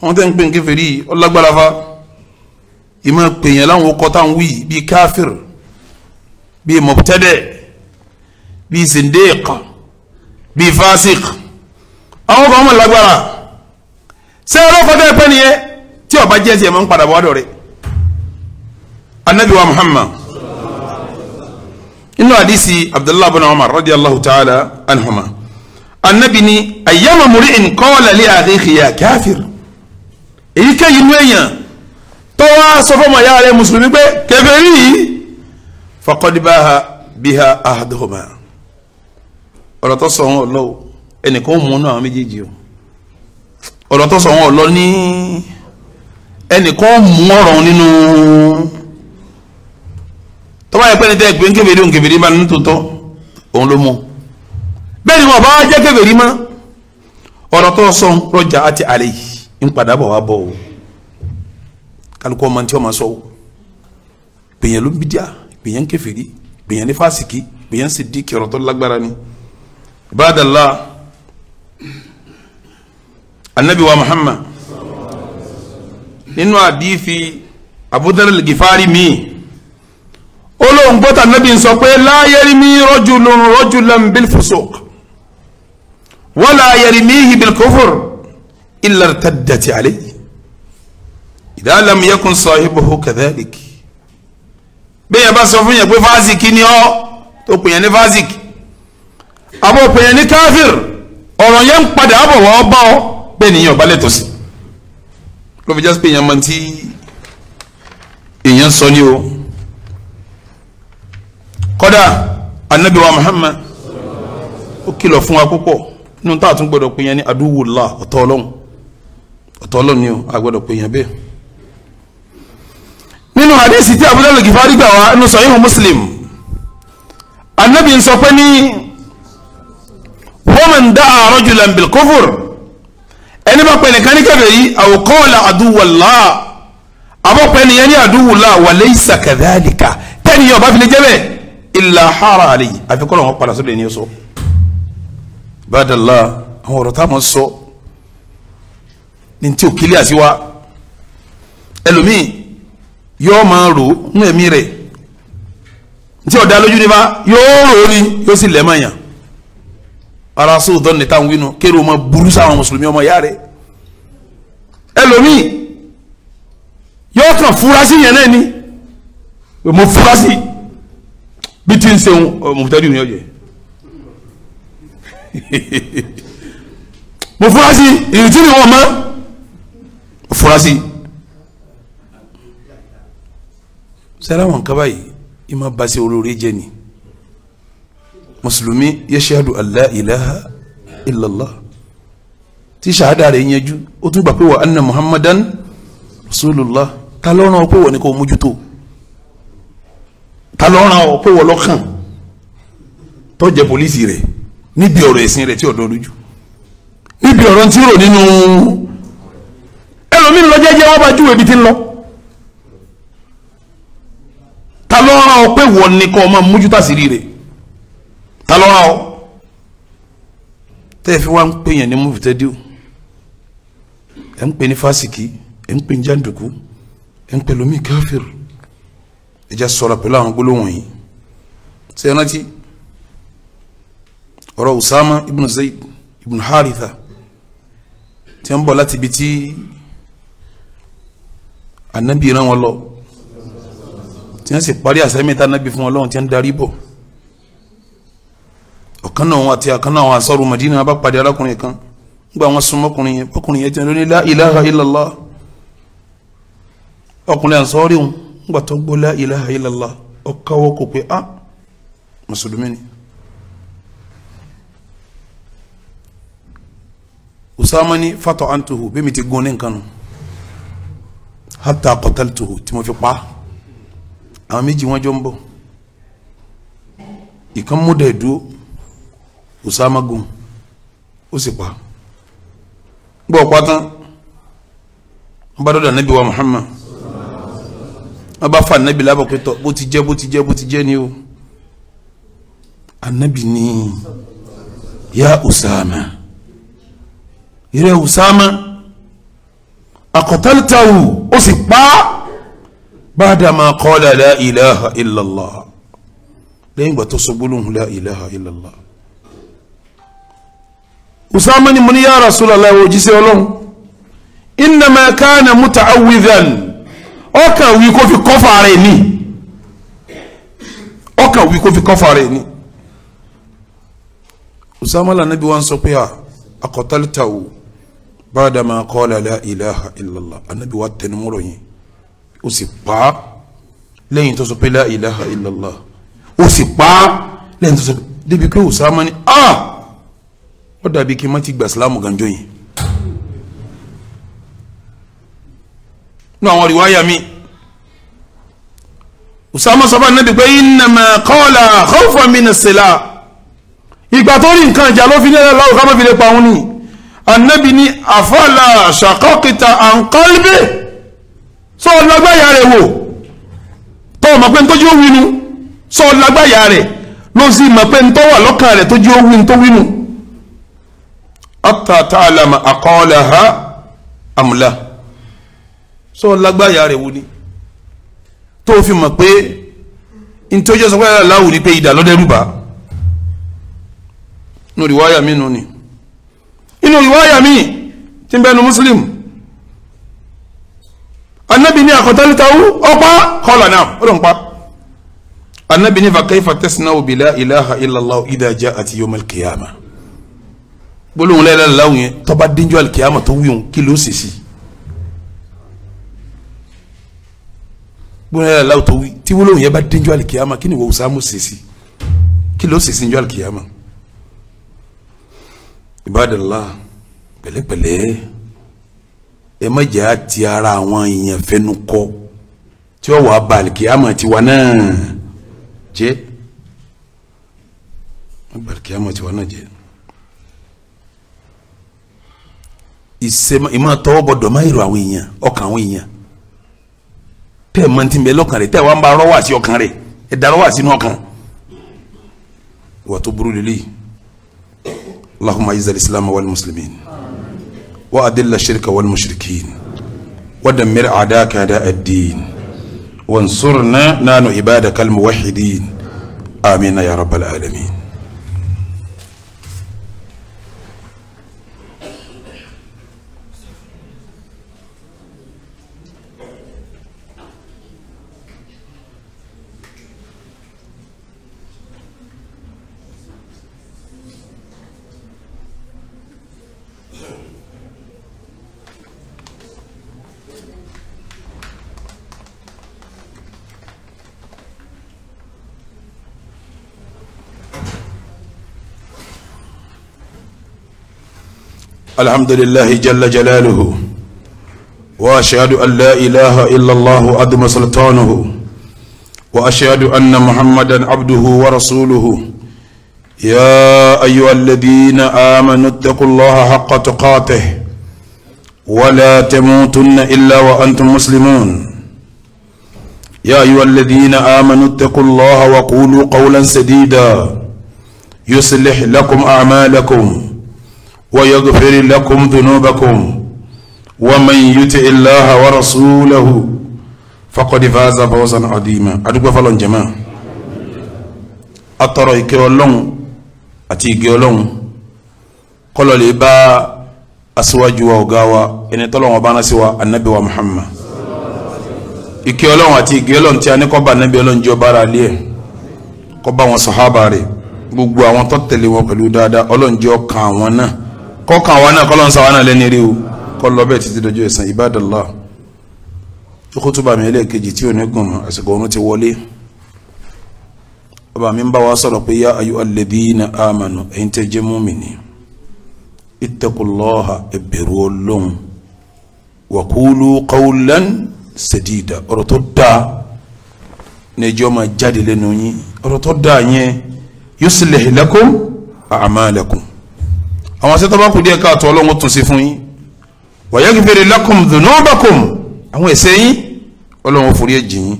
wọn tẹ́ ń pè ń kèfèrí ọlágbára fa ìmọ̀ pèèyàn láwọn ọkọ̀ táwọn wí bíi káfíìr bíi mọ̀tẹ́dẹ̀ bíi zindéèkà bíi fásik àwọn kan mọ̀ lágbára ṣé ọlọ́fọ́dẹ́ pẹ́ nìyẹn tí ọba jẹ́ ẹ̀sìn ẹ̀ máa ń padà bọ́ ọ̀dọ̀ rẹ̀ النبي محمد، muhammad inú hadisi abdullahi bin umar radiyallahu ta'ala anhuma anabi ni ayyama muri'in qala li akhihi ya kafir èyí kéyìí inú èèyàn tó wá sọ fọmọ ìyá rẹ̀ mùsùlùmí pé kèfèrí yìí faqad biha ahaduhuma ọ̀rọ̀ tó sọ wọn lọ ẹnìkan ó mú náà àwọn méjèèjì o ọ̀rọ̀ tó sọ wọn lọ ní ẹnìkan tó bá yẹ pé ní tẹ́ ẹ pé ń kébèrè òun kébèrè bá ní tòótọ́ òun ló mú bẹ́ẹ̀ ni wọn bá jẹ́ kébèrè mọ́ ọ̀rọ̀ tó sọ rọjà àti àlè yìí ń padà bọ̀ wá bọ̀ o kálukú ọmọ tí ọmọ sọ o gbìyànjú ló ń bídíà gbìyànjú kèfèrí gbìyànjú fásìkì gbìyànjú sì di kẹrọ tó lágbára ni ibadala anabi wa muhammad nínú àdìfi abudulayi gifari miin olóhùn gbọ́tà nábì ń sọ pé láyẹ̀rì mí rajulun rajulan bil fusuq wala yarmihi bil kufr illa irtaddat alayhi idha lam yakun sahibuhu kadhalik bẹ́ẹ̀ bá sọ fún yẹn pé fásìkì ni ọ́ tó pè yẹn ní fásìkì àbọ̀ pè yẹn ní káfíìr ọ̀rọ̀ yẹn ń padà àbọ̀ wọ́n bá ọ bẹ́ẹ̀ nìyẹn ọ̀bá lẹ́tọ̀ sí ló fi pé yẹn mọ ti èèyàn sọ ní o kọ́dà anabi wa muhammad ó kìlọ̀ fún wa púpọ̀ nínú tá a tún gbọ́dọ̀ pé yẹn ní adúwòlá ọ̀tọ̀ ọlọ́run ọ̀tọ̀ ọlọ́run ni a gbọ́dọ̀ pé yẹn bẹ́ẹ̀. nínú hadisi tí Abu Dharr al-Ghifari gbà wá nínú Sahihu Muslim anabi ń sọ pé ní wa man da'a rajulan bil kufr ẹni bá pẹ̀ nìkan yìí aw adúwòlá àbọ̀pẹ̀ nìyẹn ní adúwòlá wa laysa kadhalika tẹ́ni fi lè jẹ́ bẹ́ẹ̀ ilà hara àlè àfikún àwọn padà sódò ẹni sọ bàdàlà àwọn ọ̀rọ̀ táwọn sọ ní tí ò kílíà sí wa ẹlòmíì yóò máa rò nínú ẹ̀mí rẹ̀ tí ọ̀dà lójú ni bá yóò rò ó ni yóò sì lẹ́ẹ̀ máa yàn ara sóòtọ́ ní táwọn wínú kéèrò ọmọ burú sáwọn mùsùlùmí ọmọ ìyá rẹ̀ ẹlòmíì yóò kàn furasí yẹn náà ni mo furasí tí ń ṣe mọ̀tẹ́dù ni ọ̀jẹ̀ mo fura sí ìrètí ni wọ́n mọ́ mo fura sí. sẹ́rà wọn kaba yìí ìmọ̀ basi olórí jẹ́ ni mùsùlùmí yashadu alla ilaha illallah tí sàádà rẹ̀ yẹn jú ó tún gbà pé wà anna muhammadan rasulullah ta lọ́rùn ọ pé wọ́n ni kò mójútó ta ló ràn ọ́ pé wọ́n lọ́kàn tó jẹ́ pólísì rẹ̀ níbi ọ̀rọ̀ ẹ̀sìn rẹ̀ tí ọ̀dọ́ lójú níbi ọ̀rọ̀ tí rò nínú ẹlòmíì lọ jẹ́jẹ́ wọ́n bá júwèé ibi tí ń lọ ta ló ràn ọ́ pé wọ́n ní kọ́ ọ máa mójútó àṣírí rẹ̀ ta ló ràn fi wá ń pè yẹn ní mufitẹ́díò ẹ̀ ń pè ní fásikì ẹ̀ ń pè ní jàǹdùkú ẹ̀ ń pè lómi káfíìrì ẹ jẹ́ sọ̀rọ̀ pẹ̀lú àwọn gbólóhùn yìí ṣe é rántí ọ̀rọ̀ usama ibn zayd ibn haritha tí wọ́n bọ̀ láti ibi tí anabi rán wọn lọ tí wọ́n sì parí àsẹ́mẹ́ta anabi fún wọn lọ́wọ́n tí wọ́n darí bọ̀ ọ̀kan náà wọn àti ọ̀kan náà wọn asọ́rù madina bá pàdé arákùnrin kan nígbà wọn súnmọ́ ọkùnrin yẹn ọkùnrin yẹn ti rán ní ilaha illallah ọkùnrin àǹsọ́rí òun ngbà tó gbọ́ la ilaha illallah ó káwọ́ kò pé ah mùsùlùmí ni usama ni fatọ antuhu bẹ́ẹ̀ mi ti gun ní nǹkan hata qataltuhu tí mo fi pa àwọn méjì wọn jọ ń bọ̀ ìkan mú dẹ̀ usama gun ó sì pa gbọ́ pátán bá dọ́dọ̀ nabi wa muhammad wọ́n bá fa ànábì lábọ̀ pé tọ́ bó ti jẹ́ bó ti jẹ́ bó ti jẹ́ ni o ànábì ni ya Usama ìrẹ Usama àkọ́tàlítàwù ó sì pa á báadà máa qala la ilaha illallah lẹ́yìn ìgbà tó sọ gbólóhùn la ilaha illallah Usama ni mo ní ya Rasulullah òjíṣẹ́ ọlọ́run innama kana muta'awwidhan ọkàn wí kó fi kọ́fà rẹ̀ ni ọkàn wí kó fi kọ́fà rẹ̀ ni usama lanabi wa sọ pé a ah, akọtalita o bàdàmà qala la ilaha illallah anabi wa tẹnumọ́rọ̀ yẹn o sì pa lẹ́yìn tó sọ pé la ilaha illallah o sì pa lẹ́yìn tó sọ pé débi pé usama ni a ah! ó dàbí kí n má ti gbà sílámù ganjọ́ yẹn. nínú àwọn rìwáyà mi usama sọ fún anabi pé innama qala khawfan min as-sila ìgbà tó rí nǹkan ìjà ló fi nílẹ̀ lọ́wọ́ ká má fi lè pa òun ni anabi ní afala shaqaqta an qalbi sọ lágbáyà rẹ̀ wò tó mọ̀ pé ntójú wínú sọ lágbáyà rẹ̀ ló sì mọ̀ pé ntọ́ wà lọ́kàn rẹ̀ tójú wínú tó wínú. hatta ta'lama aqalaha am la sọ lágbáyà rẹ̀ wò ni. So, tó fi mọ̀ pé ntọ́jú sọ pé aláwù ni pé idà lọ́dẹ́rùbá nù rìwáyà mi nù ni inú rìwáyà mi ti ń bẹnu muslim anabi ní àkọ́tálítàwù ọ̀pá kọ́là náà ó lọ́n pa anabi ní fakaifa tasnau bi la ilaha illallah idha ja'at yawm al-qiyamah gbólóhùn la ilaha illallah yẹn tó bá dínjọ́ al-qiyamah tó wíwọ̀n kí ló sì sí i. gbọ́dọ̀ aláwọ̀ tó wí tí wọ́n yẹn bá dénjọ́ àlìkìyàmà kí ni wọ́n sàmù sèṣì kí ló sèṣì ń jọ́ àlìkìyàmà. ìbádàlá pẹ̀lẹ́pẹ̀lẹ́ ẹ má jẹ́ àti ara àwọn èèyàn fẹ́nu kọ tí ó wà á ba àlìkìyàmà tiwa náà jẹ́ ba àlìkìyàmà tiwa náà jẹ́. ìsèmọ̀ ìmọ̀ tọwọ́ bọ̀ dọ̀máyìrò àwọn èèyàn ọkàn àwọn èèyàn tẹ́ ẹ̀ mọ́tí bẹ́ẹ̀ lọ́kàn rẹ̀ tẹ́ ẹ̀ wá ń ba rọ́wà sí ọkàn rẹ̀ ẹ̀ da rọ́wà sínú ọkàn wà tó burú allahumma aizza islam wal muslimin wa adilla ash-shirka wal mushrikin wa dammir a'daka a'da ad-din wansurna nanu ibadakal al-muwahhidin آمين يا رب العالمين الحمد لله جل جلاله وأشهد أن لا إله إلا الله أدم سلطانه وأشهد أن محمدا عبده ورسوله يا أيها الذين آمنوا اتقوا الله حق تقاته ولا تموتن إلا وأنتم مسلمون يا أيها الذين آمنوا اتقوا الله وقولوا قولا سديدا يصلح لكم أعمالكم ويغفر لكم ذنوبكم ومن يطع الله ورسوله فقد فاز فوزا عظيما ادوبا فلون جماعه atọrọ ìkẹ́ Ọlọ́run àti ìgẹ́ Ọlọ́run kọlọ lè bá aṣíwájú wa ọ̀gá wa ẹni tọlọ́run ọba anasi wa anabi wa Muhammad ìkẹ́ Ọlọ́run àti ìgẹ́ Ọlọ́run tí a ní kó bá anabi Ọlọ́run jọ bára lé ẹ kó bá wọn sọhábà rẹ̀ gbogbo àwọn tó tẹ̀lé wọn pẹ̀lú dáadáa Ọlọ́run jọ kàn wọn náà kọ́kàn àwa náà kọ́lọ́n sáwa náà lẹ́ni rí o kọ́ lọ bẹ́ẹ̀ títí dojú ẹ̀sán ibadallah jókòó tó bá mi ẹlẹ́ẹ̀kejì tí ò ní gùn àsìkò òun ti wọlé ọba mi ń bá wa sọ̀rọ̀ pé yá ayú alladhina amanu ẹ̀yin tẹ́ jẹ́ mùmínì ittaqullaha ẹ̀bẹ̀rù ọlọ́hun wàkúlù qawlan sadida ọ̀rọ̀ tó dáa nẹjọ́ máa jáde lẹ́nu yín ọ̀rọ̀ tó dáa yẹn yuslih lakum a'malakum àwọn ṣe tọ́ba kù díẹ̀ káàtó ọlọ́run tún ṣe fún yín wa yaghfir lakum dhunubakum àwọn ẹ̀ṣẹ̀ yín ọlọ́run forí ẹ̀ jìn yín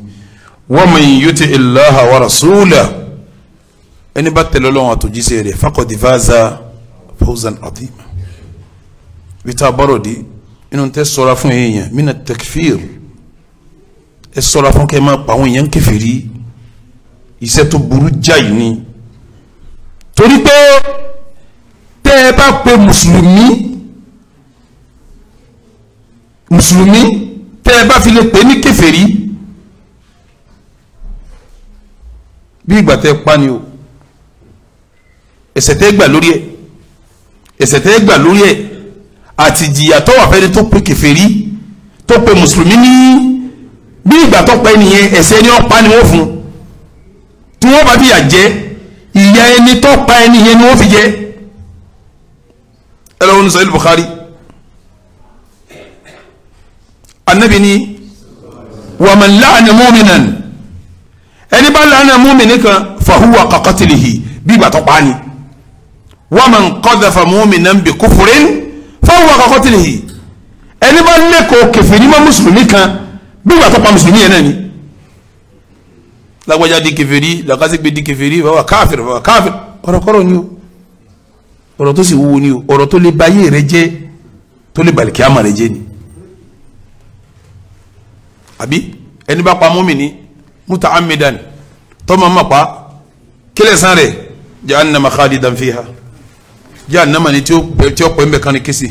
wa man yuti illaha wa rasulahu ẹni bá tẹ̀lé ọlọ́run àtòjíṣẹ́ rẹ̀ faqad faza fawzan adhima bí tá a bọ́rọ̀ dé inú tẹ́ sọ́ra fún èèyàn mina takfir ẹ sọ́ra fún kẹ́ máa pa àwọn èèyàn kèfèrí iṣẹ́ tó burú jáì ni torí pé tẹ́ ẹ bá pe mùsùlùmí mùsùlùmí tẹ́ ẹ bá fi lè pè ní kèfèrí bí ìgbà tẹ́ pa ni o ẹ̀ṣẹ̀ tẹ́ gbà lórí ẹ̀ ẹ̀ṣẹ̀ tẹ́ gbà lórí ẹ̀ àti ìjìyà tó wà fẹ́ni tó pe kèfèrí tó pe mùsùlùmí ní bí ìgbà tó pa ẹnìyẹn ẹ̀ṣẹ̀ ni wọ́n pa ni wọ́n fún tí wọ́n bá fìyà jẹ ìyà ẹni tó pa ẹnìyẹn ni wọ́n fi jẹ ẹ lọ́wọ́ ní sahil Bukhari anabi ni waman laana muminan ẹni bá laana mumini kan fahuwa kakatilihi bí gbàtọ́ paani waman qadhafa muminan bi kufurin fahuwa kakatilihi ẹni bá lẹ́kọ̀ọ́ kẹfìrí ma mùsùlùmí kan bí gbàtọ́ pa mùsùlùmí yẹn náà ni lágbájá di kẹfìrí làkàtì gbé di kẹfìrí fàwa káfìrí fàwa káfìrí kọ̀rọ̀kọ̀rọ̀ ni o ọ̀rọ̀ tó sì wúwo ni o ọ̀rọ̀ tó lè bayé rẹ jẹ́ tó lè balẹ̀ kíámà rẹ jẹ́ ni àbí ẹni bá pa mọ́mì ni muta amidan tọ́mọ ma pa kílẹ̀ sàn rẹ̀ jahannama khalidan fiha jahannama ni tí ó pẹ́ ń bẹ̀ kan ní kése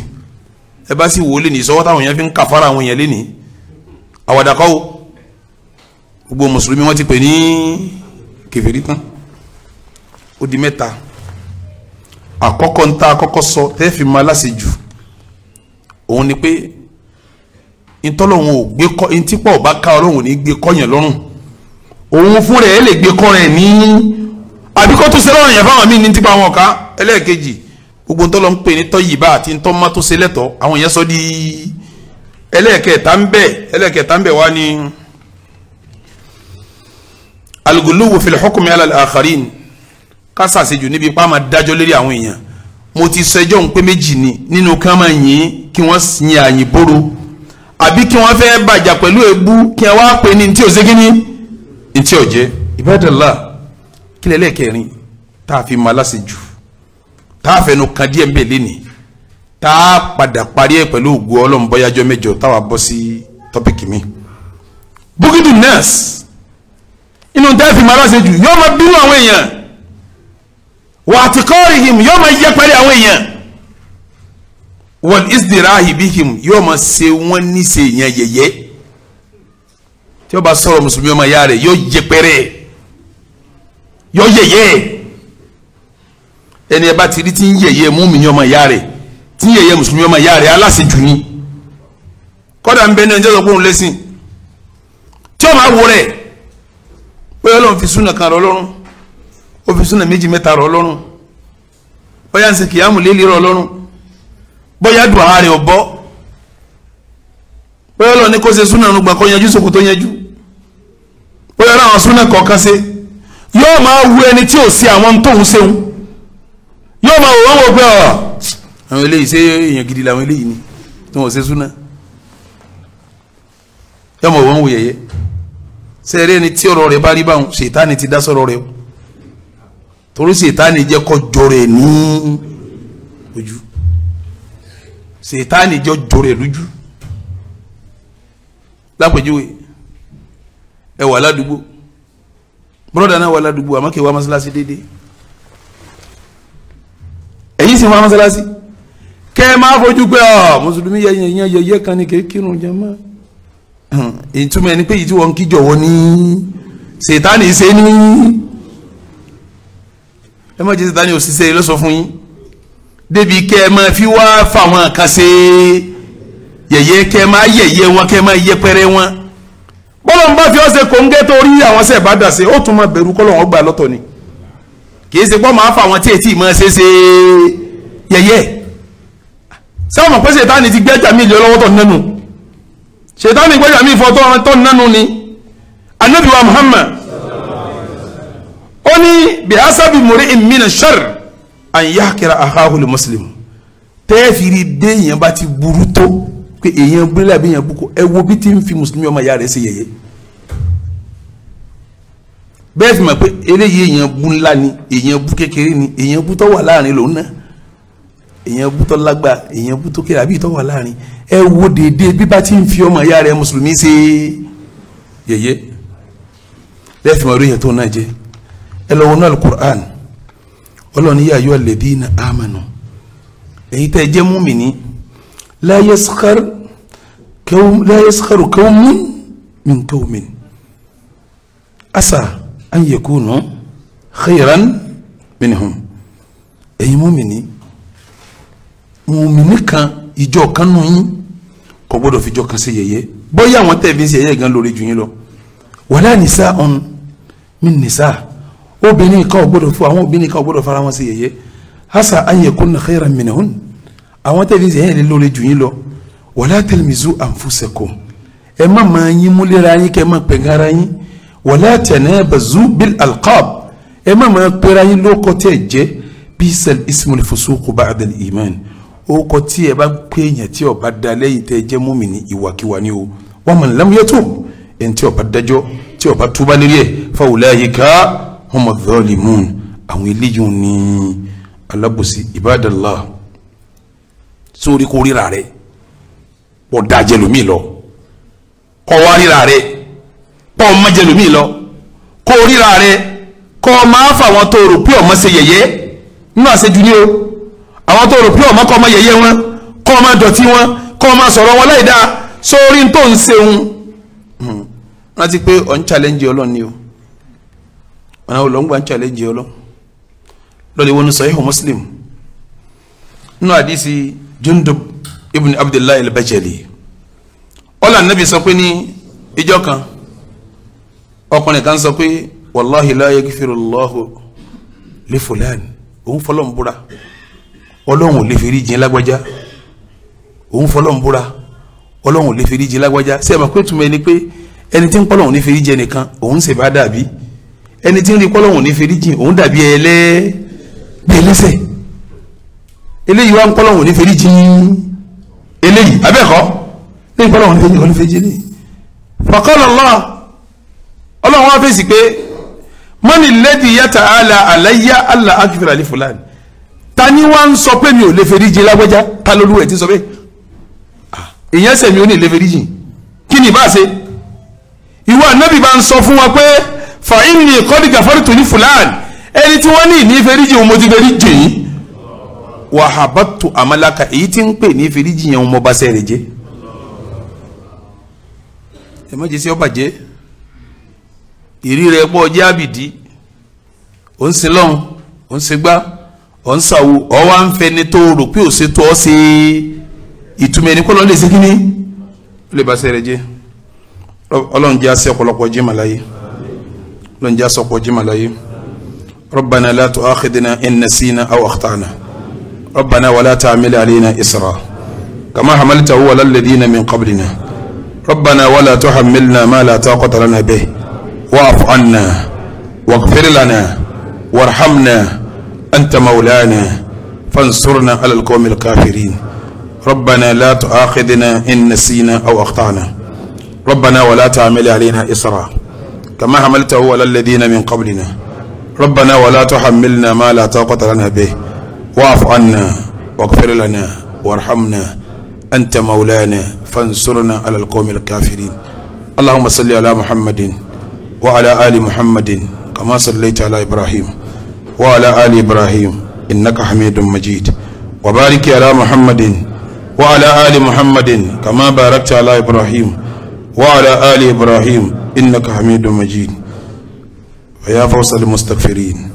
ẹ bá sì wọlé ní sọ́wọ́ táwọn yẹn fi ń kàfàrà àwọn yẹn lé ní àwàdàkọ́ o gbogbo mùsùlùmí wọn ti pè ní kèfèrí tán ó di mẹ́ta àkọ́kọ́ ń tá àkọ́kọ́ sọ tẹ́ẹ̀fì máa láṣejù òun ni pé ntọ́lọ́hún ò gbé kọ́ ntí pọ̀ bá ká ọlọ́hún ní gbé kọ́ yẹn lọ́rùn òun fún rẹ̀ ẹ lè gbé kọ́ rẹ̀ ní àbíkọ́ tó lọ́rùn yẹn fáwọn míì ní tipa àwọn ọ̀ka ẹlẹ́ẹ̀kejì gbogbo ntọ́lọ́ ń pè ní tọ́ yìí bá àti ntọ́ má tó ṣe lẹ́tọ̀ọ́ àwọn yẹn sọ di ẹlẹ́ẹ̀kẹta ń bẹ̀ ẹlẹ́ẹ̀kẹta ń bẹ̀ wá ní. aluguluwu fil hukmi ala al ká ṣàṣejù níbi ipá máa dájọ́ lérí àwọn èèyàn mo ti sẹjọ́ ń pé méjì ni nínú kán máa yìn kí wọ́n yin àyìn bóró àbí kí wọ́n fẹ́ bàjà pẹ̀lú èébú kí wọ́n wá pè ní ntí òsè kíní ntí ọ̀jẹ́ ìbádàlá kí lẹ́lẹ́ kẹrin tá a fi máa láṣejù tá a fẹnu kan díẹ̀ mbẹ́ lẹ́ni tá a padà parí ẹ̀ pẹ̀lú ògo ọlọ́run mẹ́jọ táwa bọ́ sí tọ́pìkì mi bukidu nurse inú tá a fi máa láṣejù yóò máa bínú àwọn èèyàn wà á ti kọ́ọ̀rì him yóò máa yẹ pẹ́lẹ́ àwọn èèyàn wọ́n ìsìdìrà àhìbí him yóò máa ṣe wọ́n níṣe èèyàn yẹ̀yẹ́ tí ó bá sọ̀rọ̀ mùsùlùmí ọmọ ìyá rẹ̀ yóò yẹ pẹ́rẹ́ yóò yẹ̀yẹ́ ẹni ẹ bá ti rí tí ń yẹ̀yẹ́ múmi ọmọ ìyá rẹ̀ tí ń yẹ̀yẹ́ mùsùlùmí ọmọ ìyá rẹ̀ aláṣejù ni kọ́dà ń bẹ ní ẹjọ́ ìjọba lẹ́sìn tí ó máa wọ rẹ̀ pé ọlọ́run fi súnà kan rọ lọ́rùn ó fi súnà méjì mẹ́ta rọ̀ ọlọ́run bóyá ń ṣe kìyàmù lé lérò ọlọ́run bóyá dùn àárẹ̀ ọ̀bọ bóyá ọlọ́run ní kó ṣe súnà nùgbà kó yanjú sòkò tó yanjú bóyá ọlọ́run àwọn súnà kọ̀ọ̀kan ṣe yóò máa wu ẹni tí ò sí àwọn tóun ṣeun yóò máa wò wọ́n wò pé ọ̀ àwọn eléyìí ṣe èèyàn gidi làwọn eléyìí ni tí wọ́n ṣe súnà yóò máa wò wọ́n wò sẹ́ẹ̀rẹ́ ni tí ọ̀rọ̀ rẹ̀ bá rí báwọn ṣètánì ti dá sọ̀rọ̀ rẹ̀ o torí sètáni jẹ́ kọ́ jọrẹ̀ ní ojú sètáni jọ jọrẹ̀ lójú lápèjúwe ẹ wà ládùúgbò bọ́dà náà wà ládùúgbò àmọ́ kí wà mọ́sálásí déédéé ẹ̀yìn sì wà mọ́sálásí kẹ́ ẹ máa fojú pé ọ mùsùlùmí yẹyẹ yẹyẹ kan ní kékerun jẹmọ́ ìtumọ̀ ẹni pé yìí tí wọ́n ń kíjọ̀wọ́ ní sètáni ṣe ní ẹ má jẹ́ sátani òṣìṣẹ́ ló sọ fún yín débi kẹ́ ẹ máa fi wá fáwọn kan ṣe yẹ̀yẹ́ kẹ́ ẹ máa yẹ̀yẹ́ wọn kẹ́ ẹ máa yẹpẹrẹ wọn bọ́lá ń bá fi ọ́ ṣe kòńgẹ́ tó rí àwọn ṣe bá dà sí ó tún máa bẹ̀rù kọ́lọ́ wọn gbà lọ́tọ̀ ni kì í ṣe pọ́ máa fáwọn tí ètí máa ṣe ṣe yẹ̀yẹ́ sáwọn mọ̀ pé ti gbẹ́jà mí lé lọ́wọ́ tó nánú ṣètánì gbẹ́jà mí fọ́ tó nánú ni anábìwá Muhammad ó ní bihasabi mori imina shar an yahkira ahahul muslim tẹ́ẹ̀fìrí dé èèyàn bá ti burú tó pé èèyàn búrẹ́lẹ̀ àbí èèyàn búkọ ẹ wo bí ti ń fi mùsùlùmí ọmọ ìyá rẹ̀ ṣe yeye. bẹ́ẹ̀ fi mọ̀ ele eléyìí èèyàn bú ńlá ni èèyàn bú kékeré ni èèyàn bú tó wà láàrin lòun náà èèyàn bú tó lágbà èèyàn bú tó kéré àbí tó wà láàrin ẹ wo déédéé bí bá ti fi ọmọ ìyá ya mùsùlùmí ṣe yẹ̀yẹ́ bẹ́ẹ̀ fi mọ̀ orí èèyàn tó náà jẹ́ ẹ lọ wọnú alukur'an ọlọ́ni yà yọ alladhina amanu èyí tẹ́ jẹ́ múmìnì la yaskhar la yaskharu qawmun min qawmin asa an yakunu khayran minhum èyí múmìnì múmìnì kan ìjọ kan nù yín kò gbọ́dọ̀ fìjọ kan ṣe yẹ̀yẹ́ bóyá àwọn tẹ̀ ń ṣe gan lórí jù yín lọ wala nisa'un min nisa' obìnrin kan ò gbọdọ̀ fún àwọn obìnrin kan ò gbọdọ̀ fara wọn sí yẹ̀yẹ́ asa an yakunna khayran minhun àwọn tẹ̀lé ìsìn yẹn lè lórí jù yín lọ wala talmizu anfusakum ẹ má máa yín múlẹ́ra yín kẹ́ ẹ má pẹ̀gàn ara yín wala tanabazu bil alqab ẹ má máa pẹ́ra yín lóko tẹ̀ jẹ́ bisal ismul fusuqu ba'dal iman orúkọ tí ẹ bá pé èèyàn tí ọba da lẹ́yìn tẹ́ jẹ́ mùmínì ìwàkiwà ni o wa man lam yatub ẹni tí ọba dájọ́ tí ọba túbá lérí ẹ̀ fa ulaika hum adh-dhalimun àwọn eléyìí ní alábòsí ibadallah sórí kó ríra rẹ pọ̀ da jẹlómi lọ kọ́ wá ríra rẹ pọ̀ má jẹlómi lọ kó ríra rẹ kọ́ máa fà wọn tó rò pé ọmọ ṣe yẹ̀yẹ́ nínú àṣejù ni o àwọn tó rò pé ọmọ kọ́ ọmọ yẹ̀yẹ́ wọn kọ́ ọmọ dọ̀tí wọn kọ́ ọmọ sọ̀rọ̀ wọn láì dáa sórí tó ń ṣeun hmm. rántí pé ọ̀ challenge ọlọ́ni o ọ̀nà olóńgbà ń challenge ọlọ́ lọ́dẹ̀ wọn sahih muslim nínú àdísì jundub ibn abdullahi al-bajali ọ̀là nàbì sọ pé ní ìjọ kan ọkùnrin kan sọ pé wàláhi la yaghfirullahu li fulan òun fọlọ́n búra ọlọ́run ò lè fi rí jìn lágbájá òun fọlọ́n búra ọlọ́run ò lè fi rí jìn lágbájá sí ẹ̀ mọ̀ pé túmọ̀ ẹni pé ẹni tí ń pọ́lọ́run ní jẹ nìkan òun sì bá dàbí ẹni tí ń rí kọ́lọ́hún ní feríjì òun dàbí ẹlẹ́ gbẹlẹ́sẹ̀ eléyìí wá ń kọ́lọ́hún ní feríjì eléyìí abẹ́kọ́ lẹ́yìn kọ́lọ́hún ní feríjì ọlọ́fẹ́ jẹ́ lẹ́yìn. faqala Allah ọlọ́run wá fèsì pé mọ́nì lẹ́dí yàtà àlà àlàyé àlà àkìfẹ́rẹ́ àlè fúlàní ta ni wá ń sọ pé mi ò lè feríjì lágbẹ́já ta lólu ẹ̀ ti sọ pé ìyẹn sẹ̀mi ò ní lè feríjì kí ni ìbá fa inni qad gafartu li fulan ẹni tí wọ́n ní ìní ìfẹ́ríjì òun mo ti fẹ́ríjì yìí wàhábàtú àmàlàkà èyí tí ń pè ní ìfẹ́ríjì yẹn òun mo bá sẹ́rẹ̀ jẹ́ ẹ̀mọ́jì sí ọ̀bàjẹ́ ìrí rẹ̀ pọ̀ jẹ́ àbìdí ò ń sin lọ́hùn ò ń sin gbá ò ń sàwò ọ̀ wá ń fẹni tó rò pé ò ṣe tó ọ́ ṣe ìtumẹ̀ ní kọ́lọ́ lè ṣe kí ni ó lè bá sẹ́rẹ̀ jẹ́ ọlọ́run jẹ́ àṣẹ ọ̀pọ̀lọpọ̀ jẹ́ màláyé. لن جاسك وجمع ربنا لا تؤاخذنا إن نسينا أو أخطأنا ربنا ولا تعمل علينا إسرا كما حملته على الذين من قبلنا ربنا ولا تحملنا ما لا طاقة لنا به واعف عنا واغفر لنا وارحمنا أنت مولانا فانصرنا على القوم الكافرين ربنا لا تؤاخذنا إن نسينا أو أخطأنا ربنا ولا تعمل علينا إسرا كما حملته على الذين من قبلنا ربنا ولا تحملنا ما لا طاقة لنا به واعف عنا واغفر لنا وارحمنا أنت مولانا فانصرنا على القوم الكافرين اللهم صل على محمد وعلى آل محمد كما صليت على إبراهيم وعلى آل إبراهيم إنك حميد مجيد وبارك على محمد وعلى آل محمد كما باركت على إبراهيم وعلى آل إبراهيم إنك حميد مجيد ويا فوز المستغفرين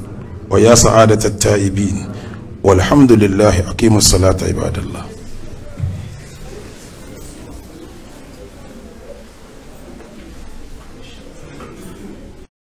ويا سعادة التائبين والحمد لله أقيم الصلاة عباد الله